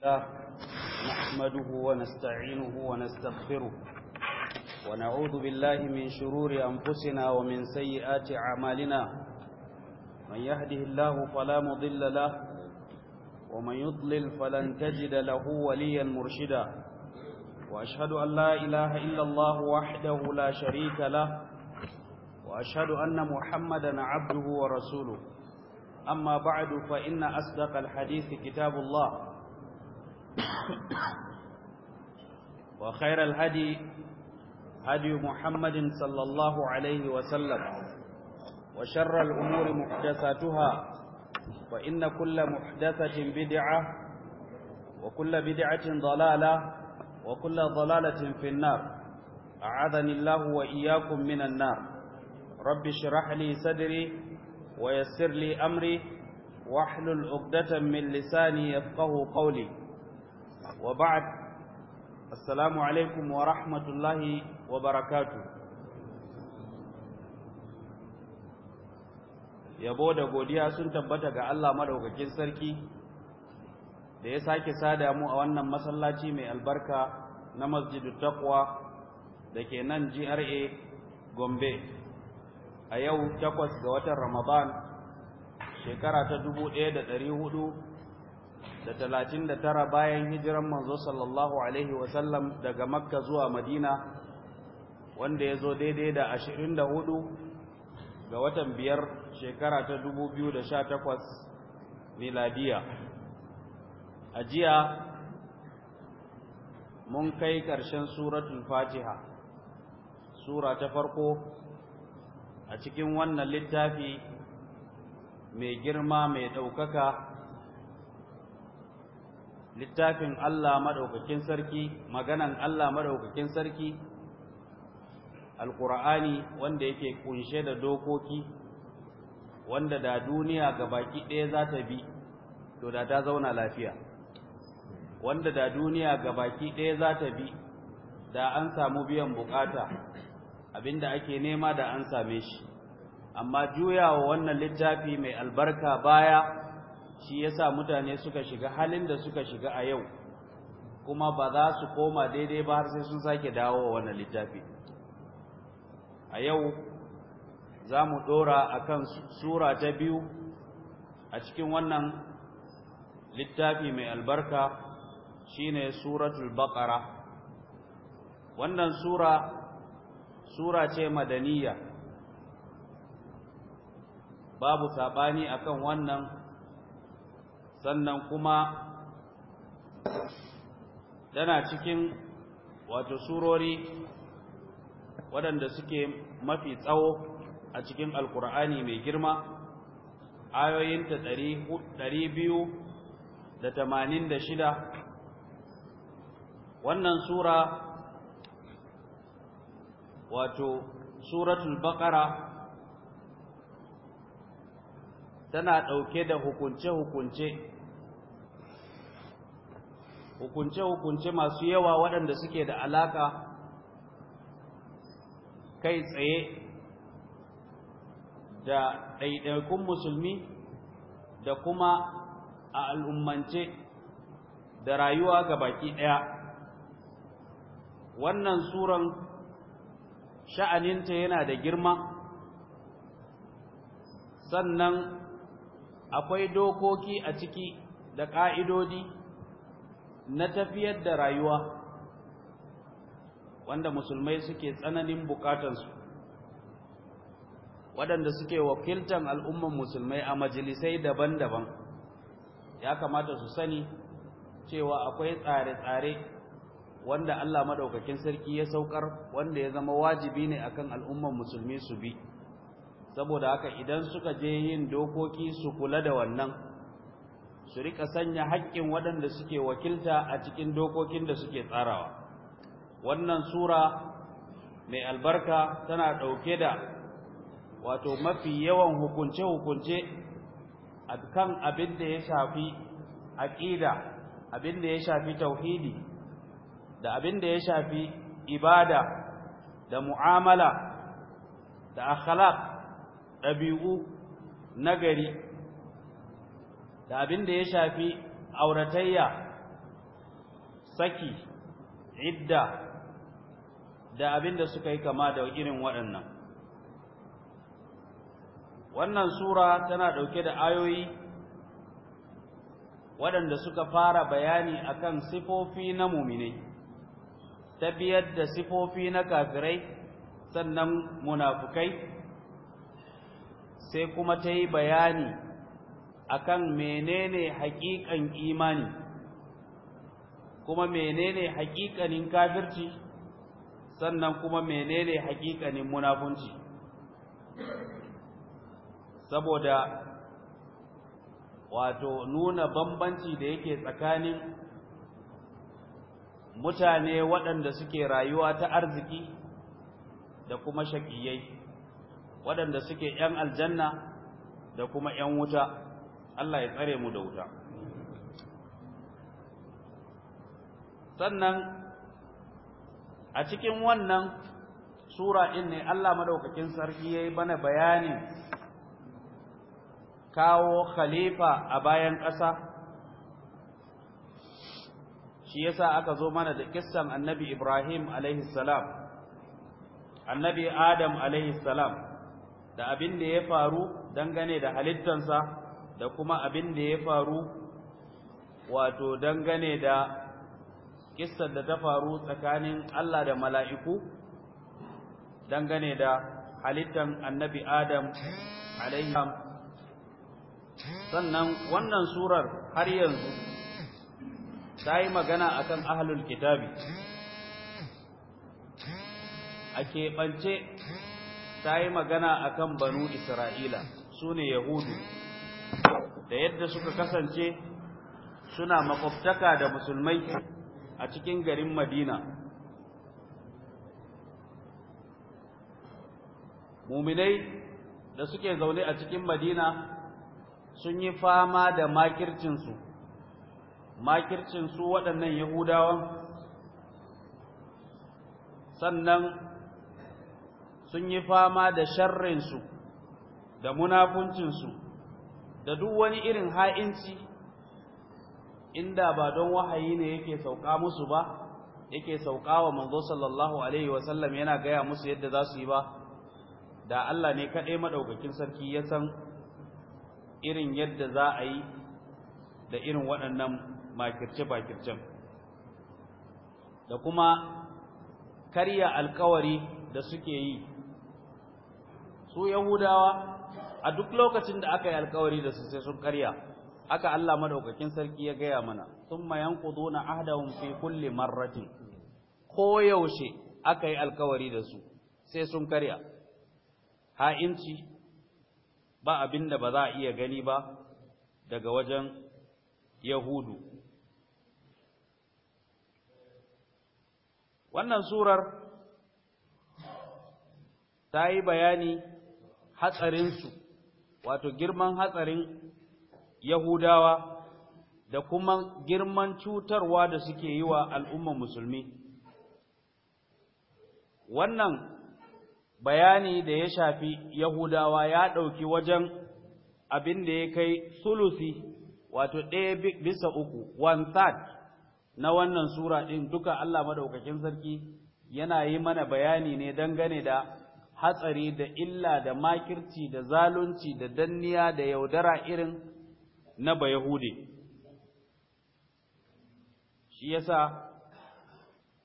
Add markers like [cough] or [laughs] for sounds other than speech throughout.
الله نحمده ونستعينه ونستغفره ونعوذ بالله من شرور أنفسنا ومن سيئات أعمالنا من يهده الله فلا مضل له ومن يضلل فلن تجد له وليا مرشدا وأشهد أن لا إله إلا الله وحده لا شريك له وأشهد أن محمدا عبده ورسوله أما بعد فإن أصدق الحديث كتاب الله وخير الهدي هدي محمد صلى الله عليه وسلم وشر الأمور محدثاتها وإن كل محدثة بدعة وكل بدعة ضلالة وكل ضلالة في النار أعاذني الله وإياكم من النار رب اشرح لي صدري ويسر لي أمري واحلل عقدة من لساني يفقه قولي wa ba'd assalamu alaikum wa rahmatullahi wa barakatuh yabo da godiya sun tabbata ga Allah madaukakin sarki da ya sake sada mu a wannan masallaci mai albarka na Masjidu taqwa da ke nan GRA Gombe a yau takwas ga watan Ramadan shekara ta dubu ɗaya da hudu da talatin da tara bayan hijiran manzo sallallahu alaihi wasallam daga makka zuwa madina wanda ya zo daidai da ashirin da hudu ga watan biyar shekara ta dubu biyu da sha takwas miladiya a jiya mun kai ƙarshen suratun fatiha sura ta farko a cikin wannan littafi mai girma mai ɗaukaka littafin Allah madaukakin sarki maganan Allah madaukakin sarki alqur'ani wanda yake kunshe da dokoki wanda da duniya gabaki ɗaya za ta bi to da ta zauna lafiya wanda da duniya gabaki ɗaya za ta bi da an samu biyan bukata abinda ake nema da an same shi amma juyawa wannan littafi mai albarka baya shi yasa mutane suka shiga halin da suka shiga a yau kuma ba za su koma daidai ba har sai sun sake dawo wannan littafi a yau za mu dora akan sura ta biyu a cikin wannan littafi mai albarka shine suratul baqara wannan sura sura ce madaniya babu sabani akan wannan sannan kuma tana cikin wato surori waɗanda suke mafi tsawo a cikin alkur'ani mai girma ayoyinta ɗari biyu da tamanin da shida wannan sura wato suratul baƙara tana ɗauke da hukunce-hukunce hukunce-hukunce masu yawa waɗanda suke da alaƙa kai tsaye da ɗaiɗaikun musulmi da kuma a al'ummance da rayuwa ga baki ɗaya wannan suran sha'aninta yana da girma sannan akwai dokoki a ciki da ƙa'idodi na tafiyar da rayuwa wanda musulmai suke tsananin bukatansu waɗanda suke wakiltan al'umman musulmai a majalisai daban-daban ya kamata su sani cewa akwai tsare-tsare wanda Allah madaukakin sarki ya saukar wanda ya zama wajibi ne akan al'umman musulmi su bi saboda haka idan suka je yin dokoki su kula da wannan su rika sanya haƙƙin waɗanda suke wakilta a cikin dokokin da suke tsarawa wannan sura mai albarka tana ɗauke da wato mafi yawan hukunce-hukunce a kan abin da ya shafi aƙida abin da ya shafi tauhidi da abin da ya shafi ibada da mu'amala da akhlaq ɗabi'u nagari da abin da ya shafi auratayya saki idda da abin da suka yi kama da irin waɗannan wannan sura tana ɗauke da ayoyi waɗanda suka fara bayani akan sifofi na muminai ta biyar da sifofi na kafirai sannan munafukai sai kuma ta yi bayani a akan menene haƙiƙan imani kuma menene haƙiƙanin kafirci sannan kuma menene haƙiƙanin munafunci saboda wato nuna bambanci da yake tsakanin mutane waɗanda suke rayuwa ta arziki da kuma shaƙiyai waɗanda suke ‘yan aljanna da kuma ‘yan wuta, Allah ya tsare mu da wuta. Sannan a cikin wannan Sura ɗin ne Allah maɗaukakin sarki ya yi bana bayanin kawo khalifa a bayan ƙasa, shi yasa aka zo mana da kissan annabi Ibrahim alaihissalam, annabi Adam alaihissalam. da abin da ya faru dangane da halittansa da kuma abin da ya faru wato dangane da kissar da ta faru tsakanin Allah da mala'iku dangane da halittan annabi Adam alaihi sannan wannan surar har yanzu ta yi magana a kan ahalul kitabi a keɓance ta yi magana a kan banu isra'ila su ne yahudu da yadda suka kasance suna makwabtaka da musulmai a cikin garin madina muminai da suke zaune a cikin madina sun yi fama da makircinsu makircinsu waɗannan yahudawan sannan sun yi fama da sharrinsu da munafuncinsu da duk wani irin ha'inci inda ba don wahayi ne yake sauka musu ba yake sauka wa manzo sallallahu alaihi wasallam yana gaya musu yadda za su yi ba da Allah ne kaɗai maɗaukakin sarki ya san irin yadda za a yi da irin waɗannan makirce bakircen da kuma karya alkawari da suke yi su yahudawa a duk lokacin da aka yi alkawari da su sai sun karya aka Allah madaukakin sarki ya gaya mana thumma yanquduna ahdahum fi kulli marratin ko yaushe aka yi alkawari da su sai sun karya ha'inci ba abinda ba za a iya gani ba daga wajen yahudu wannan surar ta yi bayani hatsarinsu wato girman hatsarin yahudawa da kuma girman cutarwa da suke yi wa al'umman musulmi wannan bayani da ya shafi yahudawa ya ɗauki wajen abin da ya kai sulusi wato ɗaya bisa uku one third na wannan sura ɗin duka Allah madaukakin sarki yana yi mana bayani ne dangane da hatsari da illa da makirci da zalunci da danniya da yaudara irin na bayahude shi yasa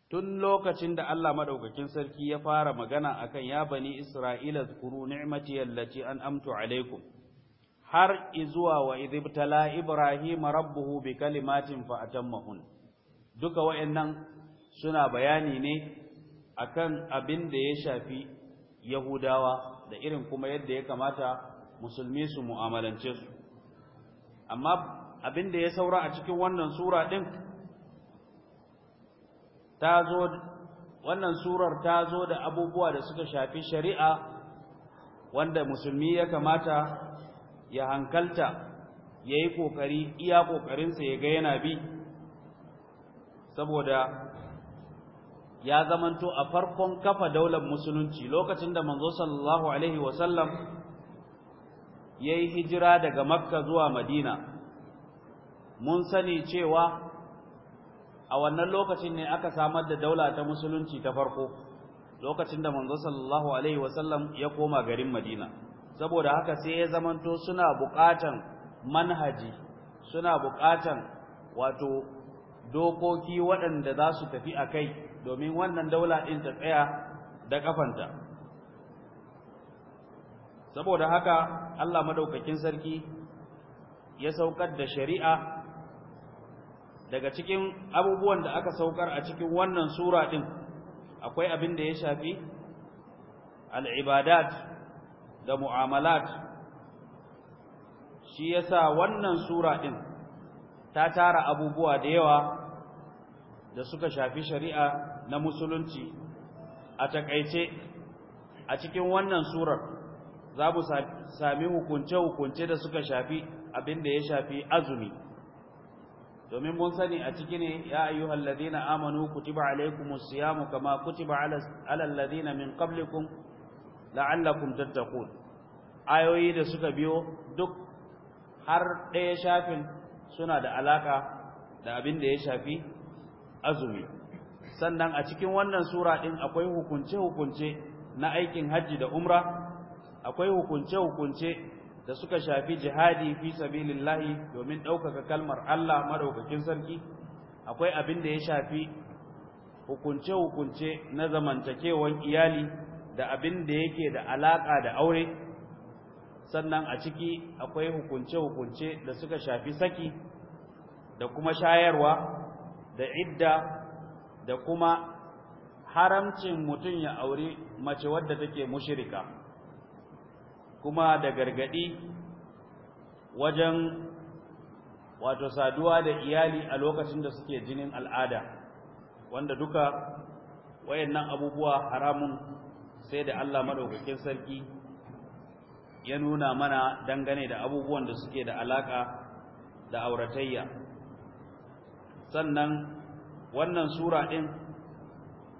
tun lokacin da Allah madaukakin sarki ya fara magana akan ya bani isra'ila zkuru yallaci, allati an'amtu alaikum har izuwa wa idibtala ibrahim rabbuhu bi kalimatin fa atammahun duka wayannan suna bayani ne akan abin da ya shafi yahudawa da irin kuma yadda ya kamata musulmi su mu'amalance su amma abin da ya saura a cikin wannan sura din ta zo wannan surar ta zo da abubuwa da suka shafi shari'a wanda musulmi ya kamata ya hankalta ya yi ƙoƙari iya ƙoƙarinsa ya ga yana bi saboda ya zamanto a farkon kafa daular musulunci lokacin da manzo sallallahu alaihi wasallam yayi hijira daga makka zuwa madina mun sani cewa a wannan lokacin ne aka samar da daula ta musulunci ta farko lokacin da manzo sallallahu alaihi wasallam ya koma garin madina saboda haka sai ya zamanto suna buƙatan manhaji suna buƙatan wato dokoki waɗanda za su tafi a kai domin wannan daula ɗin ta tsaya da ƙafanta saboda haka Allah madaukakin sarki ya saukar da shari'a daga cikin abubuwan da aka saukar a cikin wannan sura ɗin akwai abin da ya shafi al'ibadat da mu'amalat shi ya sa wannan sura ɗin ta tara abubuwa da yawa da suka shafi shari'a na musulunci a takaice a cikin wannan surar za mu sami hukunce-hukunce da suka shafi abin da ya shafi azumi domin mun sani a ciki ne ya ayyuhal ladina amanu kutiba alaikumus siyamu kama kutiba alal ladina min qablikum la'allakum tattaqun ayoyi da suka biyo duk har ɗaya shafin suna da alaka da abin da ya shafi azumi sannan a cikin wannan sura din akwai hukunce-hukunce na aikin hajji da umra akwai hukunce-hukunce da suka shafi jihadi fi sabilillahi domin ɗaukaka kalmar Allah madaukakin sarki akwai abin da ya shafi hukunce-hukunce na zamantakewan iyali da abin da yake da alaka da aure sannan a ciki akwai hukunce-hukunce da suka shafi saki da kuma shayarwa da idda da kuma haramcin mutum ya aure mace wadda take mushirika kuma da gargadi wajen wato saduwa da iyali a lokacin da suke jinin al'ada wanda duka wayannan abubuwa haramun sai da Allah madaukakin sarki ya nuna mana dangane da abubuwan da suke da alaka da auratayya sannan wannan sura din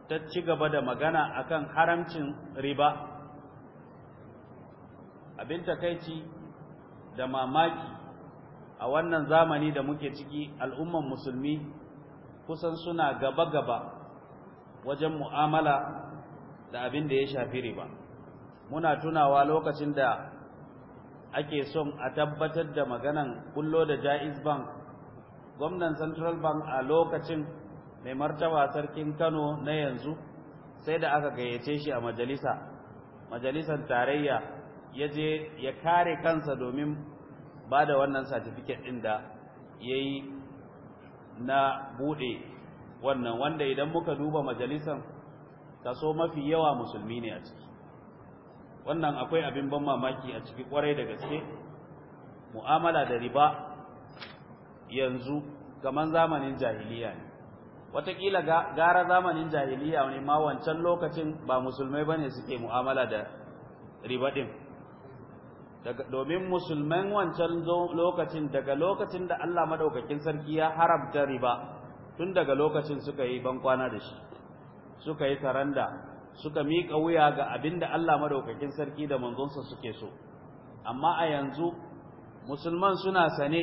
ta ci gaba da magana akan haramcin riba abin takaici da mamaki a wannan zamani da muke ciki al'umman musulmi kusan suna gaba-gaba wajen mu'amala da abin da ya shafi riba muna tunawa lokacin da ake son a tabbatar da maganan kullo da jaiz bank gwamnan central bank a lokacin mai martaba sarkin kano na yanzu sai da aka gayyace shi a majalisa majalisar tarayya ya je ya kare kansa domin ba da wannan satifiket ɗin da ya yi na buɗe wannan wanda idan muka duba majalisan, kaso mafi yawa musulmi ne a ciki wannan akwai abin ban mamaki a ciki kwarai da gaske mu'amala da riba yanzu kaman zamanin jahiliya ne watakila gara zamanin jahiliya ne ma wancan lokacin ba musulmai bane suke mu'amala da riba din domin musulman wancan lokacin daga lokacin da Allah madaukakin sarki ya haramta riba tun daga lokacin suka yi bankwana da shi suka yi taranda? suka mika wuya ga abin da Allah madaukakin sarki da manzonsa suke so amma a yanzu musulman suna sane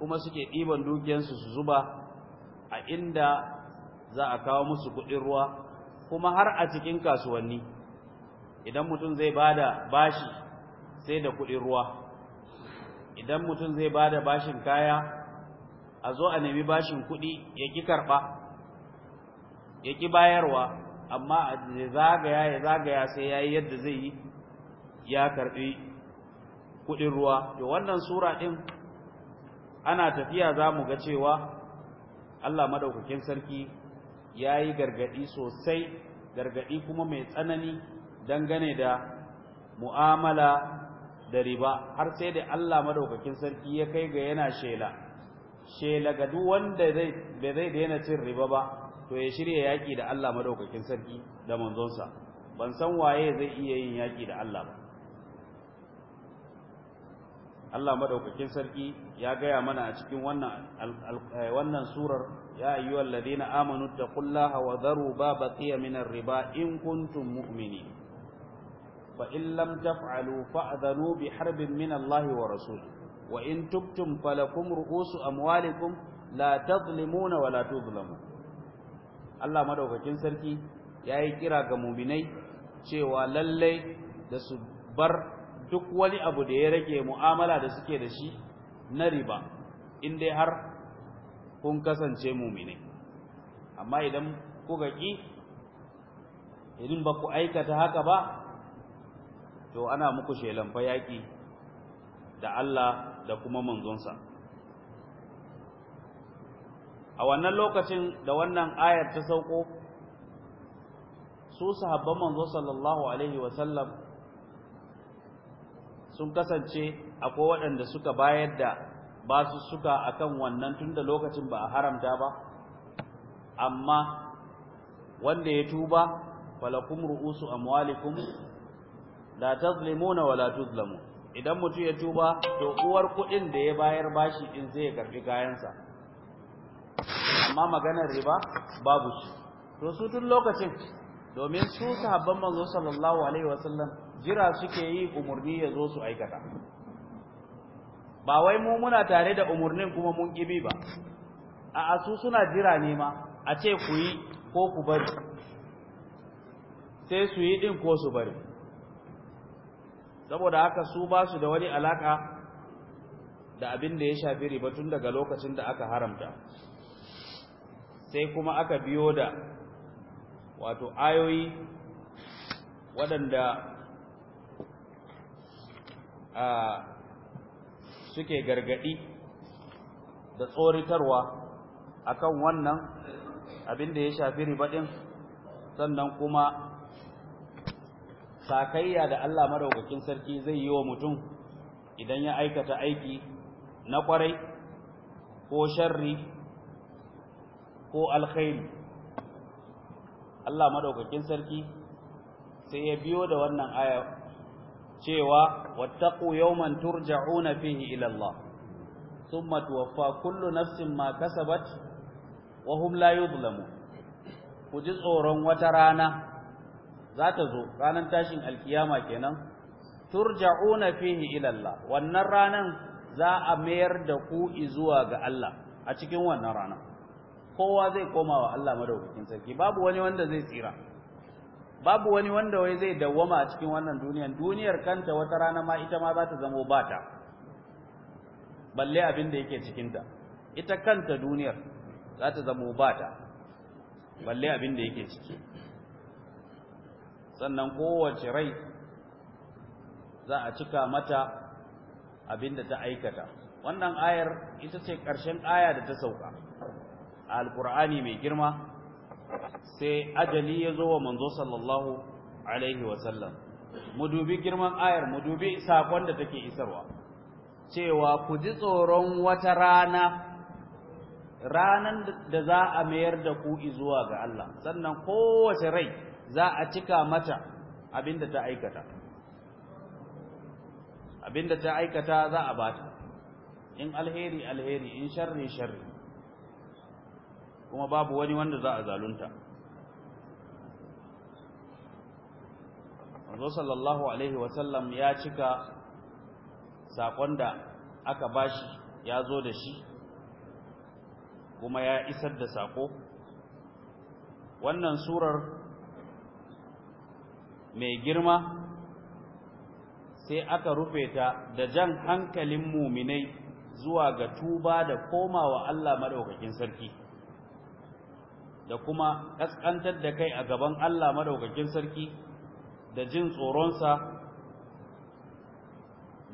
kuma suke ɗiban dukiyarsu su zuba a inda za a kawo musu kuɗin ruwa kuma har a cikin kasuwanni idan mutum zai bada bashi sai da kuɗin ruwa idan mutum zai bada bashin kaya a zo a nemi bashin kuɗi ya ƙi karɓa ya ƙi bayarwa amma a zagaya ya zagaya sai yayi yadda zai yi ya karɓi kuɗin ruwa to wannan sura ɗin ana tafiya za mu ga cewa Allah maɗaukakin sarki ya yi gargaɗi sosai gargaɗi kuma mai tsanani dangane da mu'amala da riba har sai da Allah madaukakin sarki ya kai ga yana shela shela ga duk wanda zai bai zai daina cin riba ba to ya shirya yaki da Allah madaukakin sarki da manzonsa ban san waye zai iya yin yaki da Allah ba Allah madaukakin sarki ya gaya mana a cikin wannan eh, wannan surar ya ayyuhal ladina amanu taqullaha wa dharu ba baqiya minar riba in kuntum mu'minin fa in lam taf'alu fa'dhanu bi harbin min Allah wa rasulih wa in tubtum falakum ru'usu amwalikum la tadhlimuna wa la tudhlamun Allah madaukakin sarki yayi kira ga mu'minai cewa lalle da su bar duk wani abu da ya rage mu'amala da suke da shi na riba in dai har kun kasance mu'minai amma idan kuka ki idan ba ku aikata haka ba to ana muku shelan fa da Allah da kuma manzonsa a wannan lokacin da wannan ayar ta sauko su sahabban manzo sallallahu alaihi wasallam sun kasance akwai waɗanda suka bayar da basu suka akan wannan tunda lokacin ba a haramta ba amma wanda ya tuba falakum ru'usu amwalikum la tazlimuna wa la tuzlamu idan mutum ya tuba to uwar kuɗin da ya bayar bashi in zai karbi kayansa amma maganar riba babu shi to su tun lokacin domin su sahabban manzo sallallahu alaihi wasallam jira suke yi umurni ya zo su aikata ba wai mu muna tare da umurnin kuma mun kibi ba a su suna jira ne ma a ce ku yi ko ku bari sai su yi din ko su bari saboda haka su ba su da wani alaka da abin da ya shafi riba tun daga lokacin da aka haramta sai kuma aka biyo da wato ayoyi waɗanda a suke gargaɗi da tsoritarwa akan wannan abin da ya shafi ribaɗin, sannan kuma sakayya da Allah madaukakin sarki zai yi wa mutum idan ya aikata aiki na kwarai ko sharri ko alkhairi Allah madaukakin sarki sai ya biyo da wannan aya cewa wattaqu yawman turja'una fihi ila Allah thumma tuwaffa kullu nafsin ma kasabat wa hum la yuzlamu ku ji tsoron wata rana za ta zo ranar tashin alkiyama kenan turja'una fihi ila Allah wannan ranan za a mayar da ku zuwa ga Allah a cikin wannan ranan kowa zai koma wa Allah madaukakin sarki babu wani wanda zai tsira babu wani wanda wai zai dawwama a cikin wannan duniyar duniyar kanta wata rana ma ita ma za ta zamo bata balle abin da yake cikinta ita kanta duniyar za ta zamo bata balle abin da yake ciki sannan kowace rai za a cika mata abin da ta aikata wannan ayar ita ce ƙarshen aya da ta sauka alkur'ani mai girma sai ajali ya zo wa manzo sallallahu alaihi wasallam mu dubi girman ayar mu dubi sakon da take isarwa cewa ku ji tsoron wata rana ranan da za a mayar da ku zuwa ga Allah sannan kowace rai za a cika mata abinda ta aikata abinda ta aikata za a bata in alheri alheri in sharri sharri kuma babu wani wanda za a zalunta manzo sallallahu alaihi wasallam ya cika saƙon da aka bashi ya zo da shi kuma ya isar da sako wannan surar mai girma sai aka rufe ta da jan hankalin muminai zuwa ga tuba da komawa Allah madaukakin sarki da kuma kaskantar da kai a gaban Allah madaukakin sarki da jin tsoronsa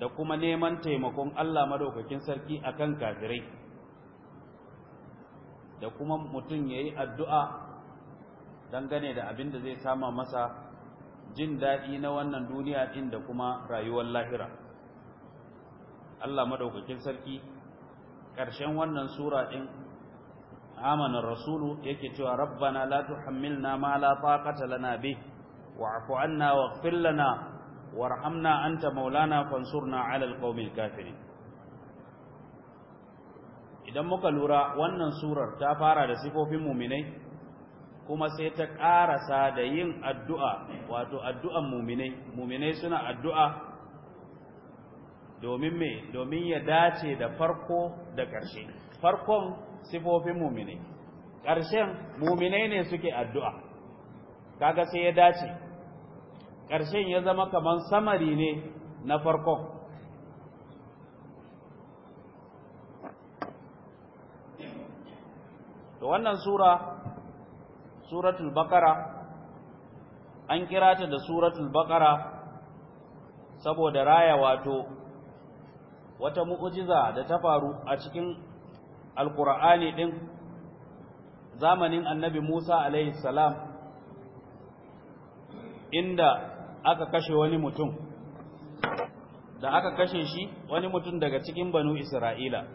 da kuma neman taimakon Allah madaukakin sarki akan kafirai da kuma mutum yayi addu'a dangane da abin da zai sama masa jin daɗi na wannan duniya ɗin da kuma rayuwar lahira Allah madaukakin sarki ƙarshen wannan sura din amana rasulu yake cewa rabbana la tuhammilna ma la taqata lana bih wa'fu anna waghfir lana warhamna anta maulana fansurna 'ala alqaumil kafirin idan muka lura wannan surar ta fara da sifofin mu'minai kuma sai ta ƙarasa da yin addu'a wato addu'an mu'minai mu'minai suna addu'a domin me domin ya dace da farko da ƙarshe farkon sifofin muminai ƙarshen muminai ne suke addu'a kaga sai ya dace ƙarshen ya zama kamar samari ne na farkon to wannan sura suratul baqara an kira ta da suratul baqara saboda raya wato wata mu'ujiza da ta faru a cikin alqur'ani din zamanin annabi Musa alaihi salam inda aka kashe wani mutum da aka kashe shi wani mutum daga cikin banu Isra'ila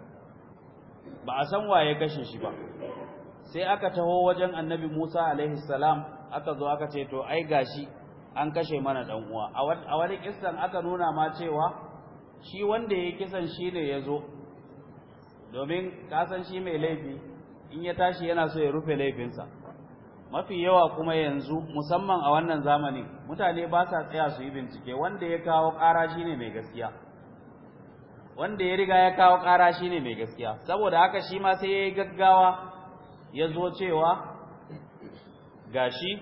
ba a san waye kashe shi ba sai aka taho wajen annabi Musa alaihi salam aka zo aka ce to ai gashi an kashe mana dan uwa a wani kissan aka nuna ma cewa shi wanda ya kisan shi ne yazo domin kasan shi mai laifi in ya tashi yana so ya rufe laifinsa mafi yawa kuma yanzu musamman a wannan zamanin, mutane ba sa tsaya su yi bincike wanda ya kawo ƙara shine mai gaskiya wanda ya riga ya kawo ƙara ne mai gaskiya saboda haka shi ma sai ya yi gaggawa ya zo cewa ga shi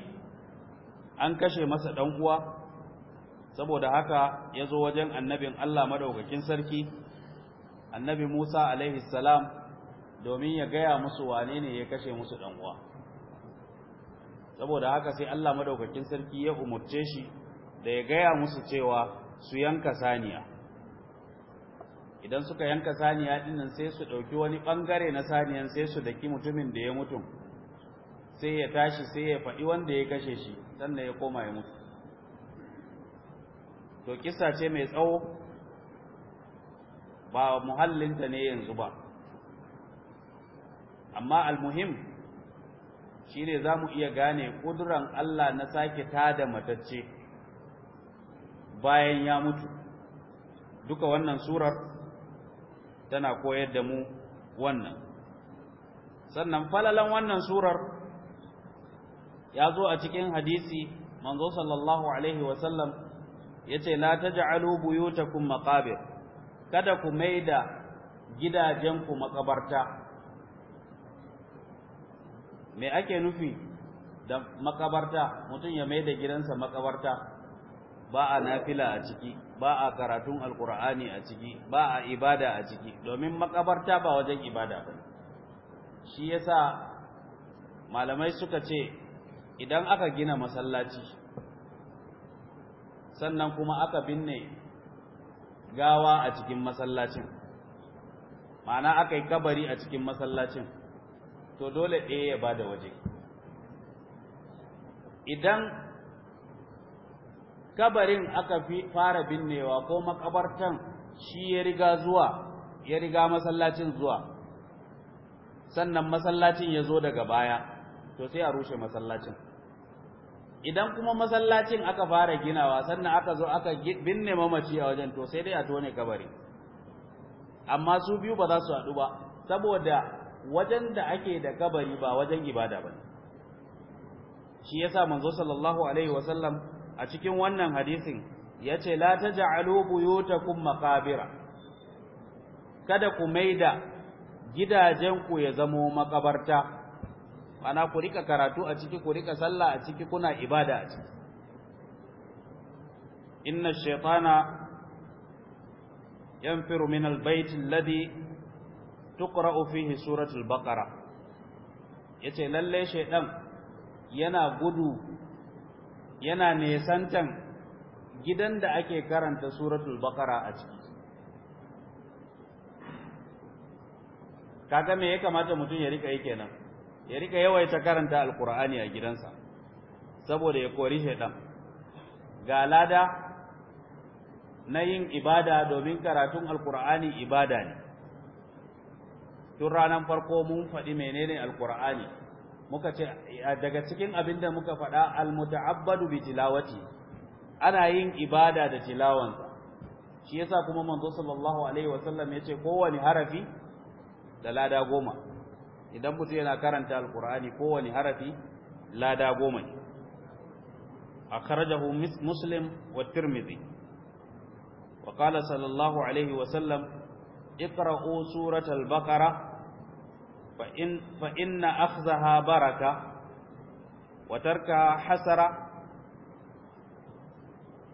an kashe masa ɗan uwa saboda haka ya zo wajen annabin Allah madaukakin sarki annabi Musa alaihi salam domin ya gaya musu wane ne ya kashe musu ɗan uwa saboda haka sai Allah madaukakin sarki ya umurce shi da ya gaya musu cewa su yanka saniya idan suka yanka saniya dinnan sai su dauki wani bangare na saniyan sai su daki mutumin da ya mutu sai ya tashi sai ya faɗi wanda ya kashe shi sannan ya koma ya mutu to kissa ce mai tsawo ba muhallinta ne yanzu ba amma almuhim shi ne za mu iya gane ƙuduran Allah na sake ta da matacce bayan ya mutu duka wannan surar tana koyar da mu wannan sannan falalan wannan surar ya zo a cikin hadisi manzo sallallahu alaihi wasallam ya ce la taj'alu buyutakum maqabir kada ku maida gidajenku makabarta me ake nufi da makabarta mutum ya maida gidansa makabarta ba a nafila a ciki ba a karatun alkur'ani a ciki ba a ibada a ciki domin makabarta ba wajen ibada ba shi yasa malamai suka ce idan aka gina masallaci sannan kuma aka binne gawa a cikin masallacin ma'ana aka yi kabari a cikin masallacin to dole ɗaya ya ba da waje idan kabarin aka fi fara binnewa ko makabartan shi ya riga zuwa ya riga masallacin zuwa sannan masallacin ya zo daga baya to sai a rushe masallacin idan kuma masallacin aka fara ginawa sannan aka zo aka binne mamaci a wajen to sai dai a tone kabari amma su biyu ba za su haɗu ba saboda wajen da ake da kabari ba wajen ibada ba shi yasa manzo sallallahu alaihi wasallam a cikin wannan hadisin yace la taj'alu buyutakum maqabira kada ku maida gidajenku ya zamo makabarta Ana ku rika karatu a ciki ku rika sallah a ciki kuna ibada a ciki inna shaytana yanfiru min albayt alladhi tuqra'u fihi suratul baqara yace lalle shaydan yana gudu yana nesantan gidan da ake karanta suratul baqara a ciki kaga me ya kamata mutum ya rika yi kenan ya rika yawaita karanta alkur'ani a gidansa saboda ya kori shaidan ga lada na yin ibada domin karatun alkur'ani ibada ne tun ranar farko mun faɗi menene alkur'ani muka ce daga cikin abin da muka faɗa almuta'abbadu bi tilawati ana yin ibada da tilawansa shi yasa kuma manzo sallallahu alaihi wasallam yace kowane harafi da lada goma idan mutum yana karanta alkur'ani kowane harafi lada goma ne akhrajahu muslim wa tirmidhi wa qala sallallahu alaihi wa sallam iqra'u suratal baqara fa in fa inna akhzaha baraka wa tarkaha hasara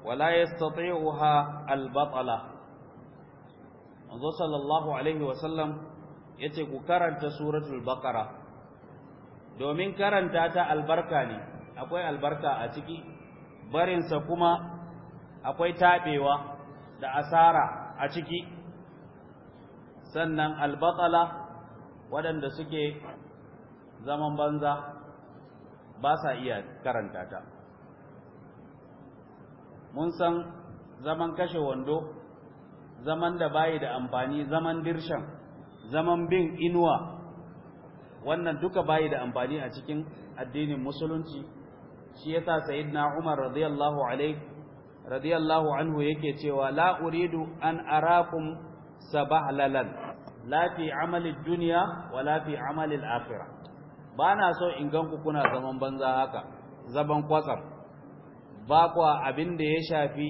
wa la yastati'uha al-batala manzo sallallahu alaihi wa sallam yace ku karanta suratul baqara domin karanta ta albarka ne akwai albarka a ciki barinsa kuma akwai taɓewa da asara a ciki sannan albatala waɗanda suke zaman banza ba sa iya karanta ta mun san zaman kashe wando zaman da bayi da amfani zaman dirshan zaman bin inuwa wannan duka bayi da amfani a cikin addinin musulunci shi yasa sayyidina Umar radiyallahu alaihi radiyallahu anhu yake cewa la uridu an arakum sabahlalan la fi amali duniya wa amalin fi amali al-akhirah bana so in ku kuna zaman banza haka zaman kwatsar, ba kwa abin da ya shafi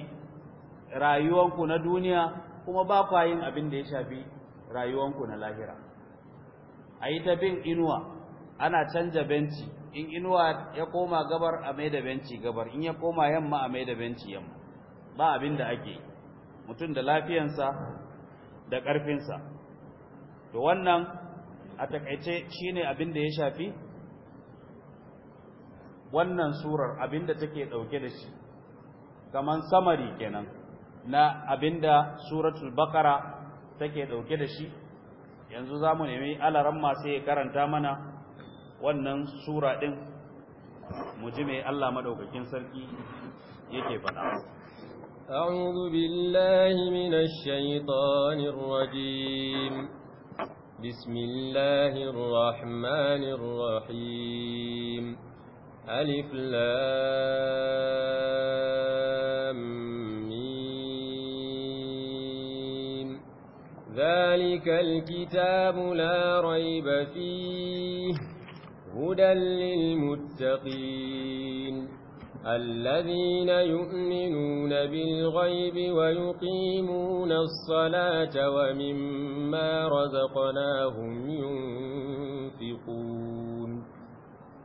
rayuwanku na duniya kuma ba kwa yin abin da ya shafi rayuwanku na lahira a yi ta bin inuwa ana canja benci in inuwa ya koma gabar a mai benci gabar in ya koma yamma a mai benci yamma ba abin da ake mutum da lafiyansa da ƙarfinsa to wannan a takaice shine abin da ya shafi wannan surar abin da take dauke da shi kaman samari kenan na abinda suratul baqara take dauke da shi yanzu zamu nemi alaran masu ya karanta mana wannan sura din mu ji mai Allah madaukakin sarki yake faɗa. أعوذ بالله من الشيطان الرجيم بسم الله الرحمن الرحيم ألف لام ذلك الكتاب لا ريب فيه هدى للمتقين الذين يؤمنون بالغيب ويقيمون الصلاة ومما رزقناهم ينفقون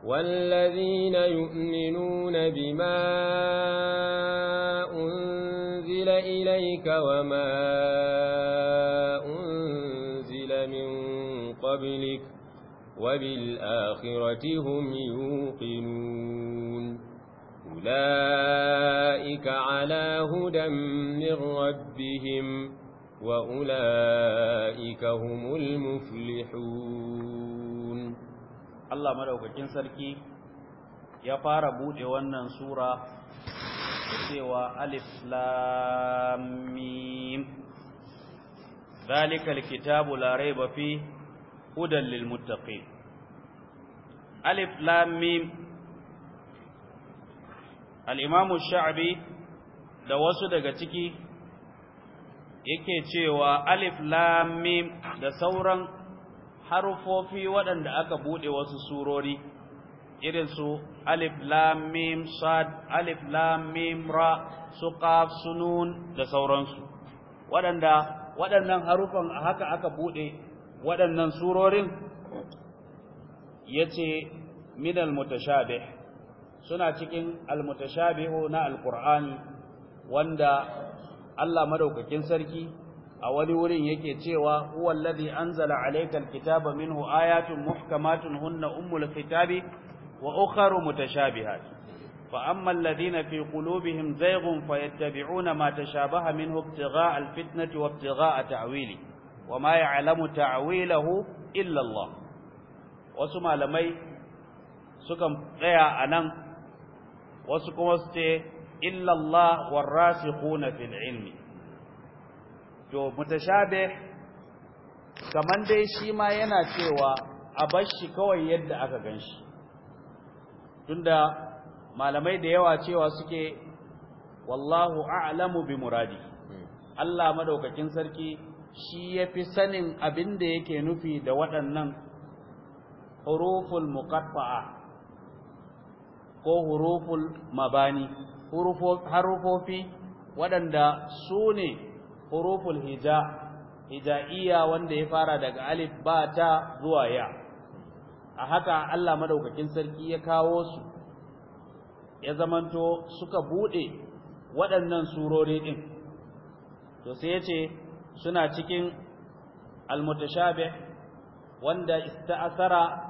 والذين يؤمنون بما أنزل إليك وما أنزل وبالآخرة هم يوقنون أولئك على هدى من ربهم وأولئك هم المفلحون الله ملوك جنسلكي يفار بود جوانا سورة سوى ألف لام ميم ذلك الكتاب لا ريب فيه hudan lil muttaqin alif lam mim al-imam sha'bi da wasu daga ciki yake cewa alif lam mim da sauran harufofi waɗanda aka buɗe wasu surori irin su alif lam mim sad alif lam mim ra su qaf sunun da sauransu waɗanda waɗannan harufan haka aka buɗe. waɗannan surorin yace min al-mutashabih suna cikin al-mutashabihu na al alqur'ani wanda Allah madaukakin sarki a wani wurin yake cewa huwa alladhi anzala alayka al-kitaba minhu ayatun muhkamatun hunna ummul kitabi wa ukharu mutashabihat fa amma alladhina fi qulubihim zayghun fayattabi'una ma tashabaha minhu ibtigha'a al-fitnati wa ibtigha'a ta'wili wa ma ya'lamu ta'wilahu illa Allah wasu malamai sukan tsaya a nan, wasu kuma su ce illa Allah rasikhuna fil ilmi to mutashabe kaman dai shi ma yana cewa a bar shi kawai yadda aka ganshi tunda malamai da yawa cewa suke wallahu a'lamu bi muradi hmm. Allah madaukakin sarki shi ya fi sanin abin da yake nufi da waɗannan huruful muƙafa'a ko huruful mabani harufofi waɗanda su ne huruful hija hija'iyya wanda ya fara daga alif ba ta zuwa ya a haka Allah madaukakin sarki ya kawo su ya zamanto suka buɗe waɗannan surori ɗin, to sai ya ce suna cikin almutashabih wanda ista'asarallahu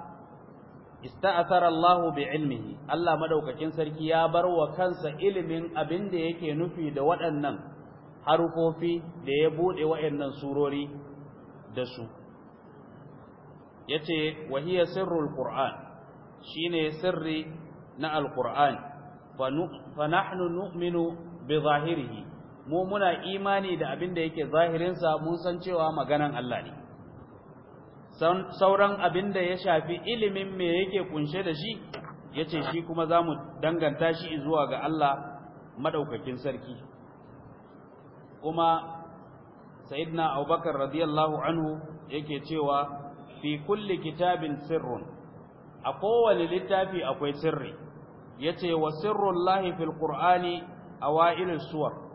ista'athara Allah bi ilmihi Allah madaukakin sarki ya bar wa kansa ilimin abin da yake nufi da waɗannan harufofi da ya bude waɗannan surori da su yace wa hiya sirrul qur'an shine sirri na alqur'an fa nahnu nu'minu bi zahirihi mu muna imani da abin da yake zahirinsa mun san cewa maganan Allah ne sauran abin da ya shafi ilimin me yake kunshe da shi yace shi kuma zamu danganta shi zuwa ga Allah madaukakin sarki kuma sayyidina Abubakar radiyallahu anhu yake cewa fi kulli kitabin sirrun a kowane littafi akwai sirri yace wa sirrullahi fil qur'ani awailus suwar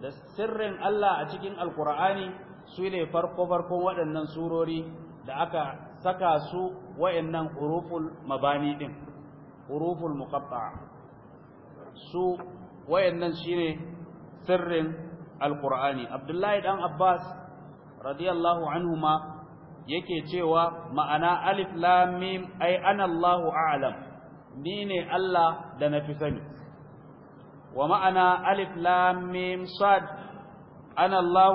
da sirrin Allah a cikin alkur'ani su ne farko farkon waɗannan surori da aka saka su waɗannan huruful mabani ɗin, huruful muqatta'a su waɗannan shine sirrin alkur'ani Abdullahi ɗan Abbas radiyallahu anhuma yake cewa ma'ana alif lam mim ai ana Allahu ni ne Allah da nafi sani wa ma'ana alif lam mim sad ana allah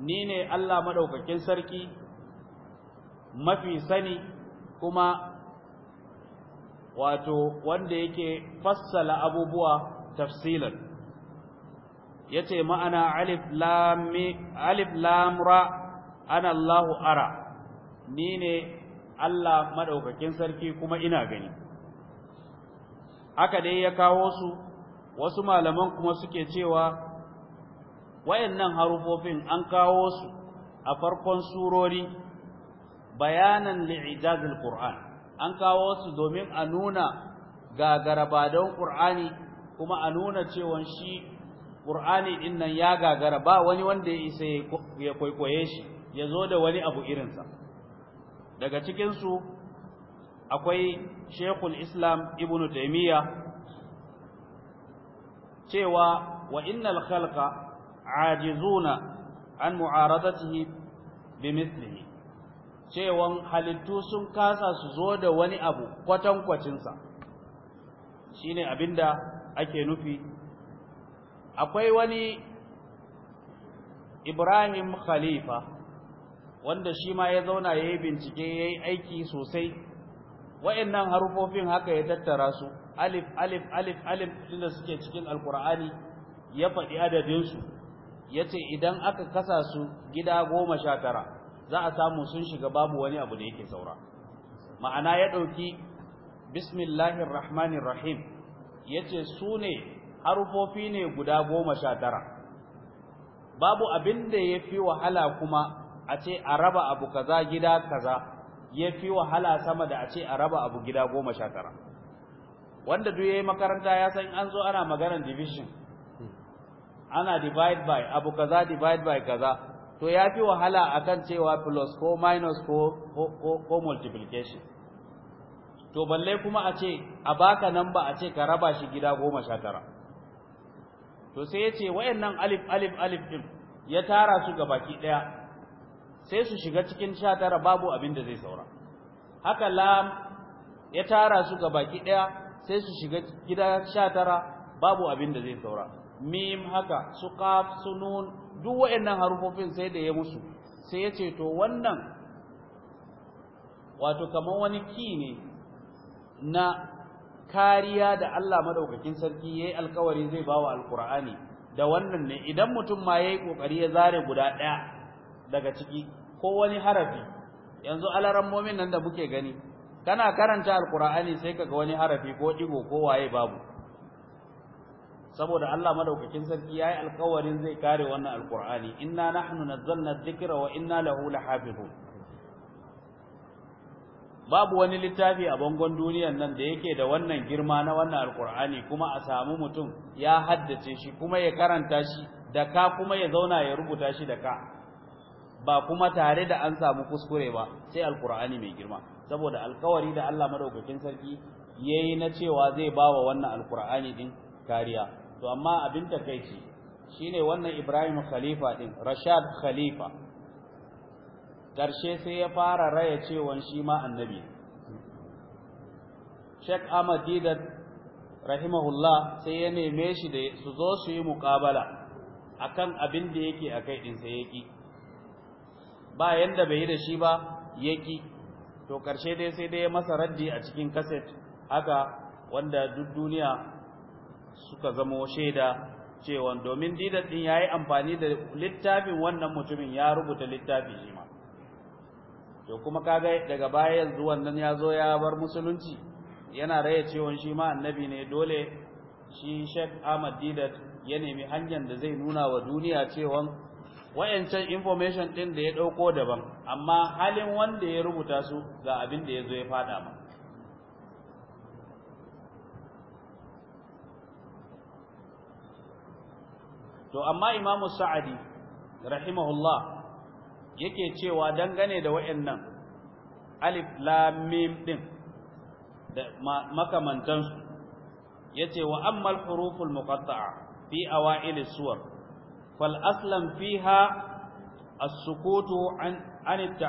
ni ne allah maɗaukakin sarki mafi sani kuma wato wanda yake fassala abubuwa tafsilan yace ma'ana alif Lamra mim ara ni ne Allah madaukakin sarki kuma ina gani haka dai ya kawo su wasu malaman kuma suke cewa wayannan harufofin an kawo su a farkon surori bayanan li'ijazil qur'an an kawo su domin a nuna don qur'ani kuma a nuna cewa shi qur'ani din nan ya gagara ba wani wanda ya isa ya kwaikwaye shi ya zo da wani abu irinsa daga cikinsu akwai shekul islam ibn taimiyya cewa wa innal khalqa ajizuna an mu'aradatihi mithlihi cewan halittu sun kasa su zo da wani abu kwatankwacinsa shine abinda ake nufi akwai wani Ibrahim Khalifa wanda shi ma ya zauna ya yi bincike ya yi aiki sosai wa'annan harufofin haka ya tattara su alif alif alif alif da suke cikin alkur'ani ya faɗi adadinsu ya ce idan aka kasa su gida goma sha tara za a samu sun shiga babu wani abu da yake saura ma'ana ya ɗauki bismillahir rahmanir rahim ya ce su ne harufofi ne guda goma sha tara babu abin da ya fi wahala kuma a ce a raba abu kaza gida kaza ya fi wahala sama da a ce a raba abu gida goma sha tara wanda duk yayi makaranta ya san an zo ana maganar division ana divide by abu kaza divide by kaza to ya fi wahala akan cewa plus ko minus ko ko multiplication to balle kuma a ce a baka nan ba a ce ka raba shi gida goma sha tara to sai ya ce wayannan alif alif alif din ya tara su ga baki ɗaya. sai su shiga cikin sha tara babu abin da zai saura haka lam ya tara su ga baki ɗaya sai su shiga gida sha tara babu abin da zai saura mim haka su qaf su nun duk waɗannan harufofin sai da ya musu sai ya ce to wannan wato kamar wani ki ne na kariya da Allah madaukakin sarki yayi alkawari zai bawa alqur'ani da wannan ne idan mutum ma yayi kokari ya zare guda ɗaya daga ciki ko wani harafi yanzu alaran momin nan da muke gani kana karanta alqur'ani sai kaga wani harafi ko digo ko waye babu saboda Allah madaukakin sarki yayi alƙawarin zai kare wannan alqur'ani inna nahnu nazzalna dhikra wa inna lahu lahafizun babu wani littafi a bangon duniyar nan da yake da wannan girma na wannan alqur'ani kuma a samu mutum ya haddace shi kuma ya karanta shi da ka kuma ya zauna ya rubuta shi da ka ba kuma tare da an samu kuskure ba sai alkur'ani mai girma saboda alkawari da Allah madaukakin sarki yayi na cewa zai ba wa wannan alkur'ani din kariya to amma abin takeici shine wannan Ibrahim Khalifa din Rashad Khalifa karshe sai ya fara raya cewa shi ma annabi Sheikh Ahmad Didat rahimahullah sai ya neme shi da su zo su yi muqabala akan abin da yake akai din sai yake ba yanda bai yi da shi ba yaki to karshe dai sai dai ya masa raddi a cikin kaset haka wanda duk duniya suka zamo shaida cewa domin ɗin din yi amfani da littafin wannan mutumin ya rubuta littafi shi ma to kuma kaga daga baya yanzu wannan ya zo ya bar musulunci yana raya cewa shi ma annabi ne dole shi Sheikh Ahmad Didat ya nemi hanyar da zai nuna wa duniya cewa wayancan information din da ya dauko daban amma halin wanda ya rubuta su ga abin da yazo ya fada ma to amma imamu sa'adi rahimahullah yake cewa dangane da wayannan alif lam mim din da su yace wa ammal huruful muqatta'a fi awailis suwar fal aslam fiha as-sukutu an an at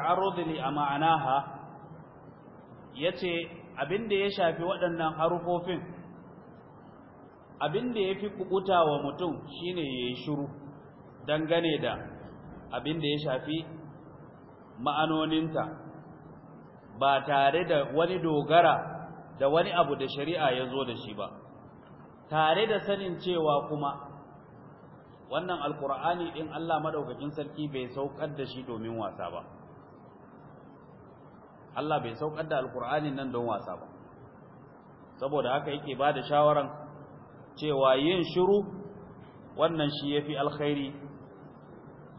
yace abinda ya shafi waɗannan harufofin abinda yafi kukuta wa mutum shine yayi shiru dangane da abinda ya shafi ma'anoninta ba tare da wani dogara da wani abu da shari'a ya zo da shi ba tare da sanin cewa kuma wannan alkur'ani din Allah madaukakin sarki bai saukar da shi domin wasa ba Allah bai saukar da alkur'ani nan don wasa ba saboda haka yake ba da shawaran cewa yin shiru wannan shi yafi alkhairi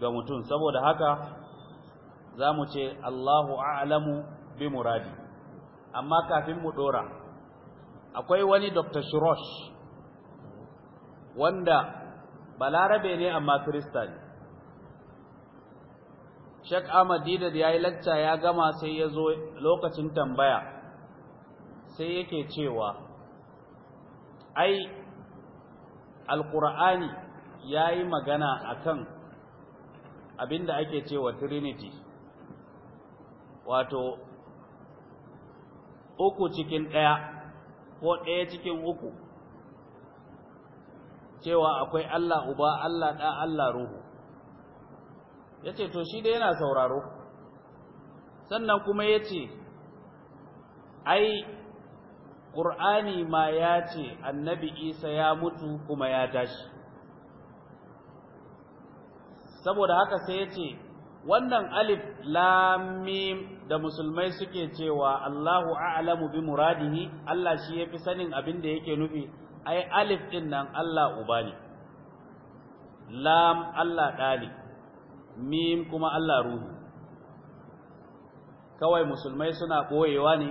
ga mutum saboda haka za mu ce Allahu a'lamu bi muradi amma kafin mu dora akwai wani Dr. Shirosh wanda balarabe ne amma kirista ne Sheikh Ahmad Didat yayi lacca ya gama sai ya zo lokacin tambaya sai yake cewa ai alqur'ani yayi magana akan abinda ake cewa trinity wato uku cikin ɗaya ko ɗaya cikin uku cewa akwai Allah uba Allah da Allah ruhu yace to shi dai yana sauraro sannan kuma yace ai Qur'ani ma ya ce annabi Isa ya mutu kuma ya tashi saboda haka sai yace wannan alif lam mim da musulmai suke cewa Allahu a'lamu bi muradihi Allah shi yafi sanin abin da yake nufi ai alif din nan Allah uba ne lam Allah ɗali mim kuma Allah ruhu kawai musulmai suna ɓoyewa ne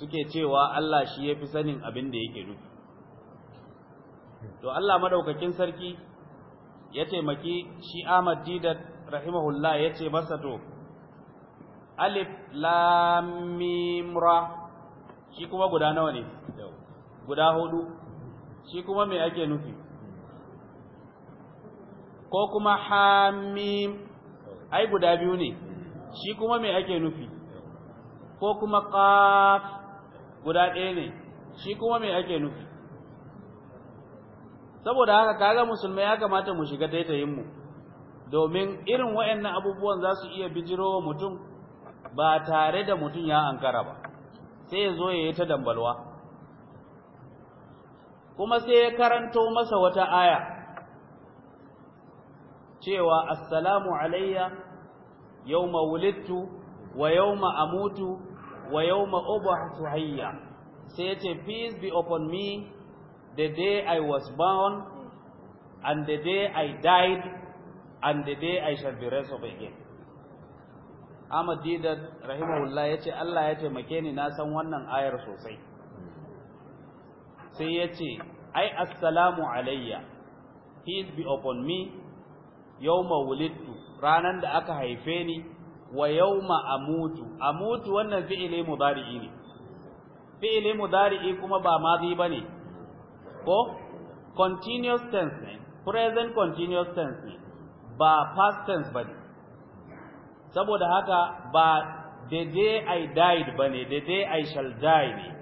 suke cewa Allah shi yafi sanin abin da yake nufi to Allah madaukakin sarki ya taimaki shi Ahmad Didat rahimahullah ya ce masa to alif lam mim ra shi kuma guda nawa ne guda hudu shi kuma me ake nufi ko kuma hamim ai guda biyu ne shi kuma me ake nufi ko kuma qaf guda ɗaya ne shi kuma me ake nufi saboda haka kaga musulmai ya kamata mu shiga taitayin mu domin irin waɗannan abubuwan za su iya bijiro mutum ba tare da mutum ya ankara ba sai ya zo ya yi ta dambalwa kuma sai ya karanto masa wata aya cewa assalamu alayya yawma wulidtu wa yawma amutu wa yawma ub'athu hayya sai yace peace be upon me the day i was born and the day i died and the day i shall be raised again Ahmad Didat rahimahullah yace Allah ya taimake ni na san wannan ayar sosai sai ya ce ai assalamu alayya peace be upon me yawma wulidtu ranan da aka haife ni wa yawma amutu amutu wannan fi'ili mudari'i ne fi'ili mudari'i kuma ba ba bane ko continuous tense ne present continuous tense ne ba past tense bane saboda haka ba the day i died bane the day i shall die ne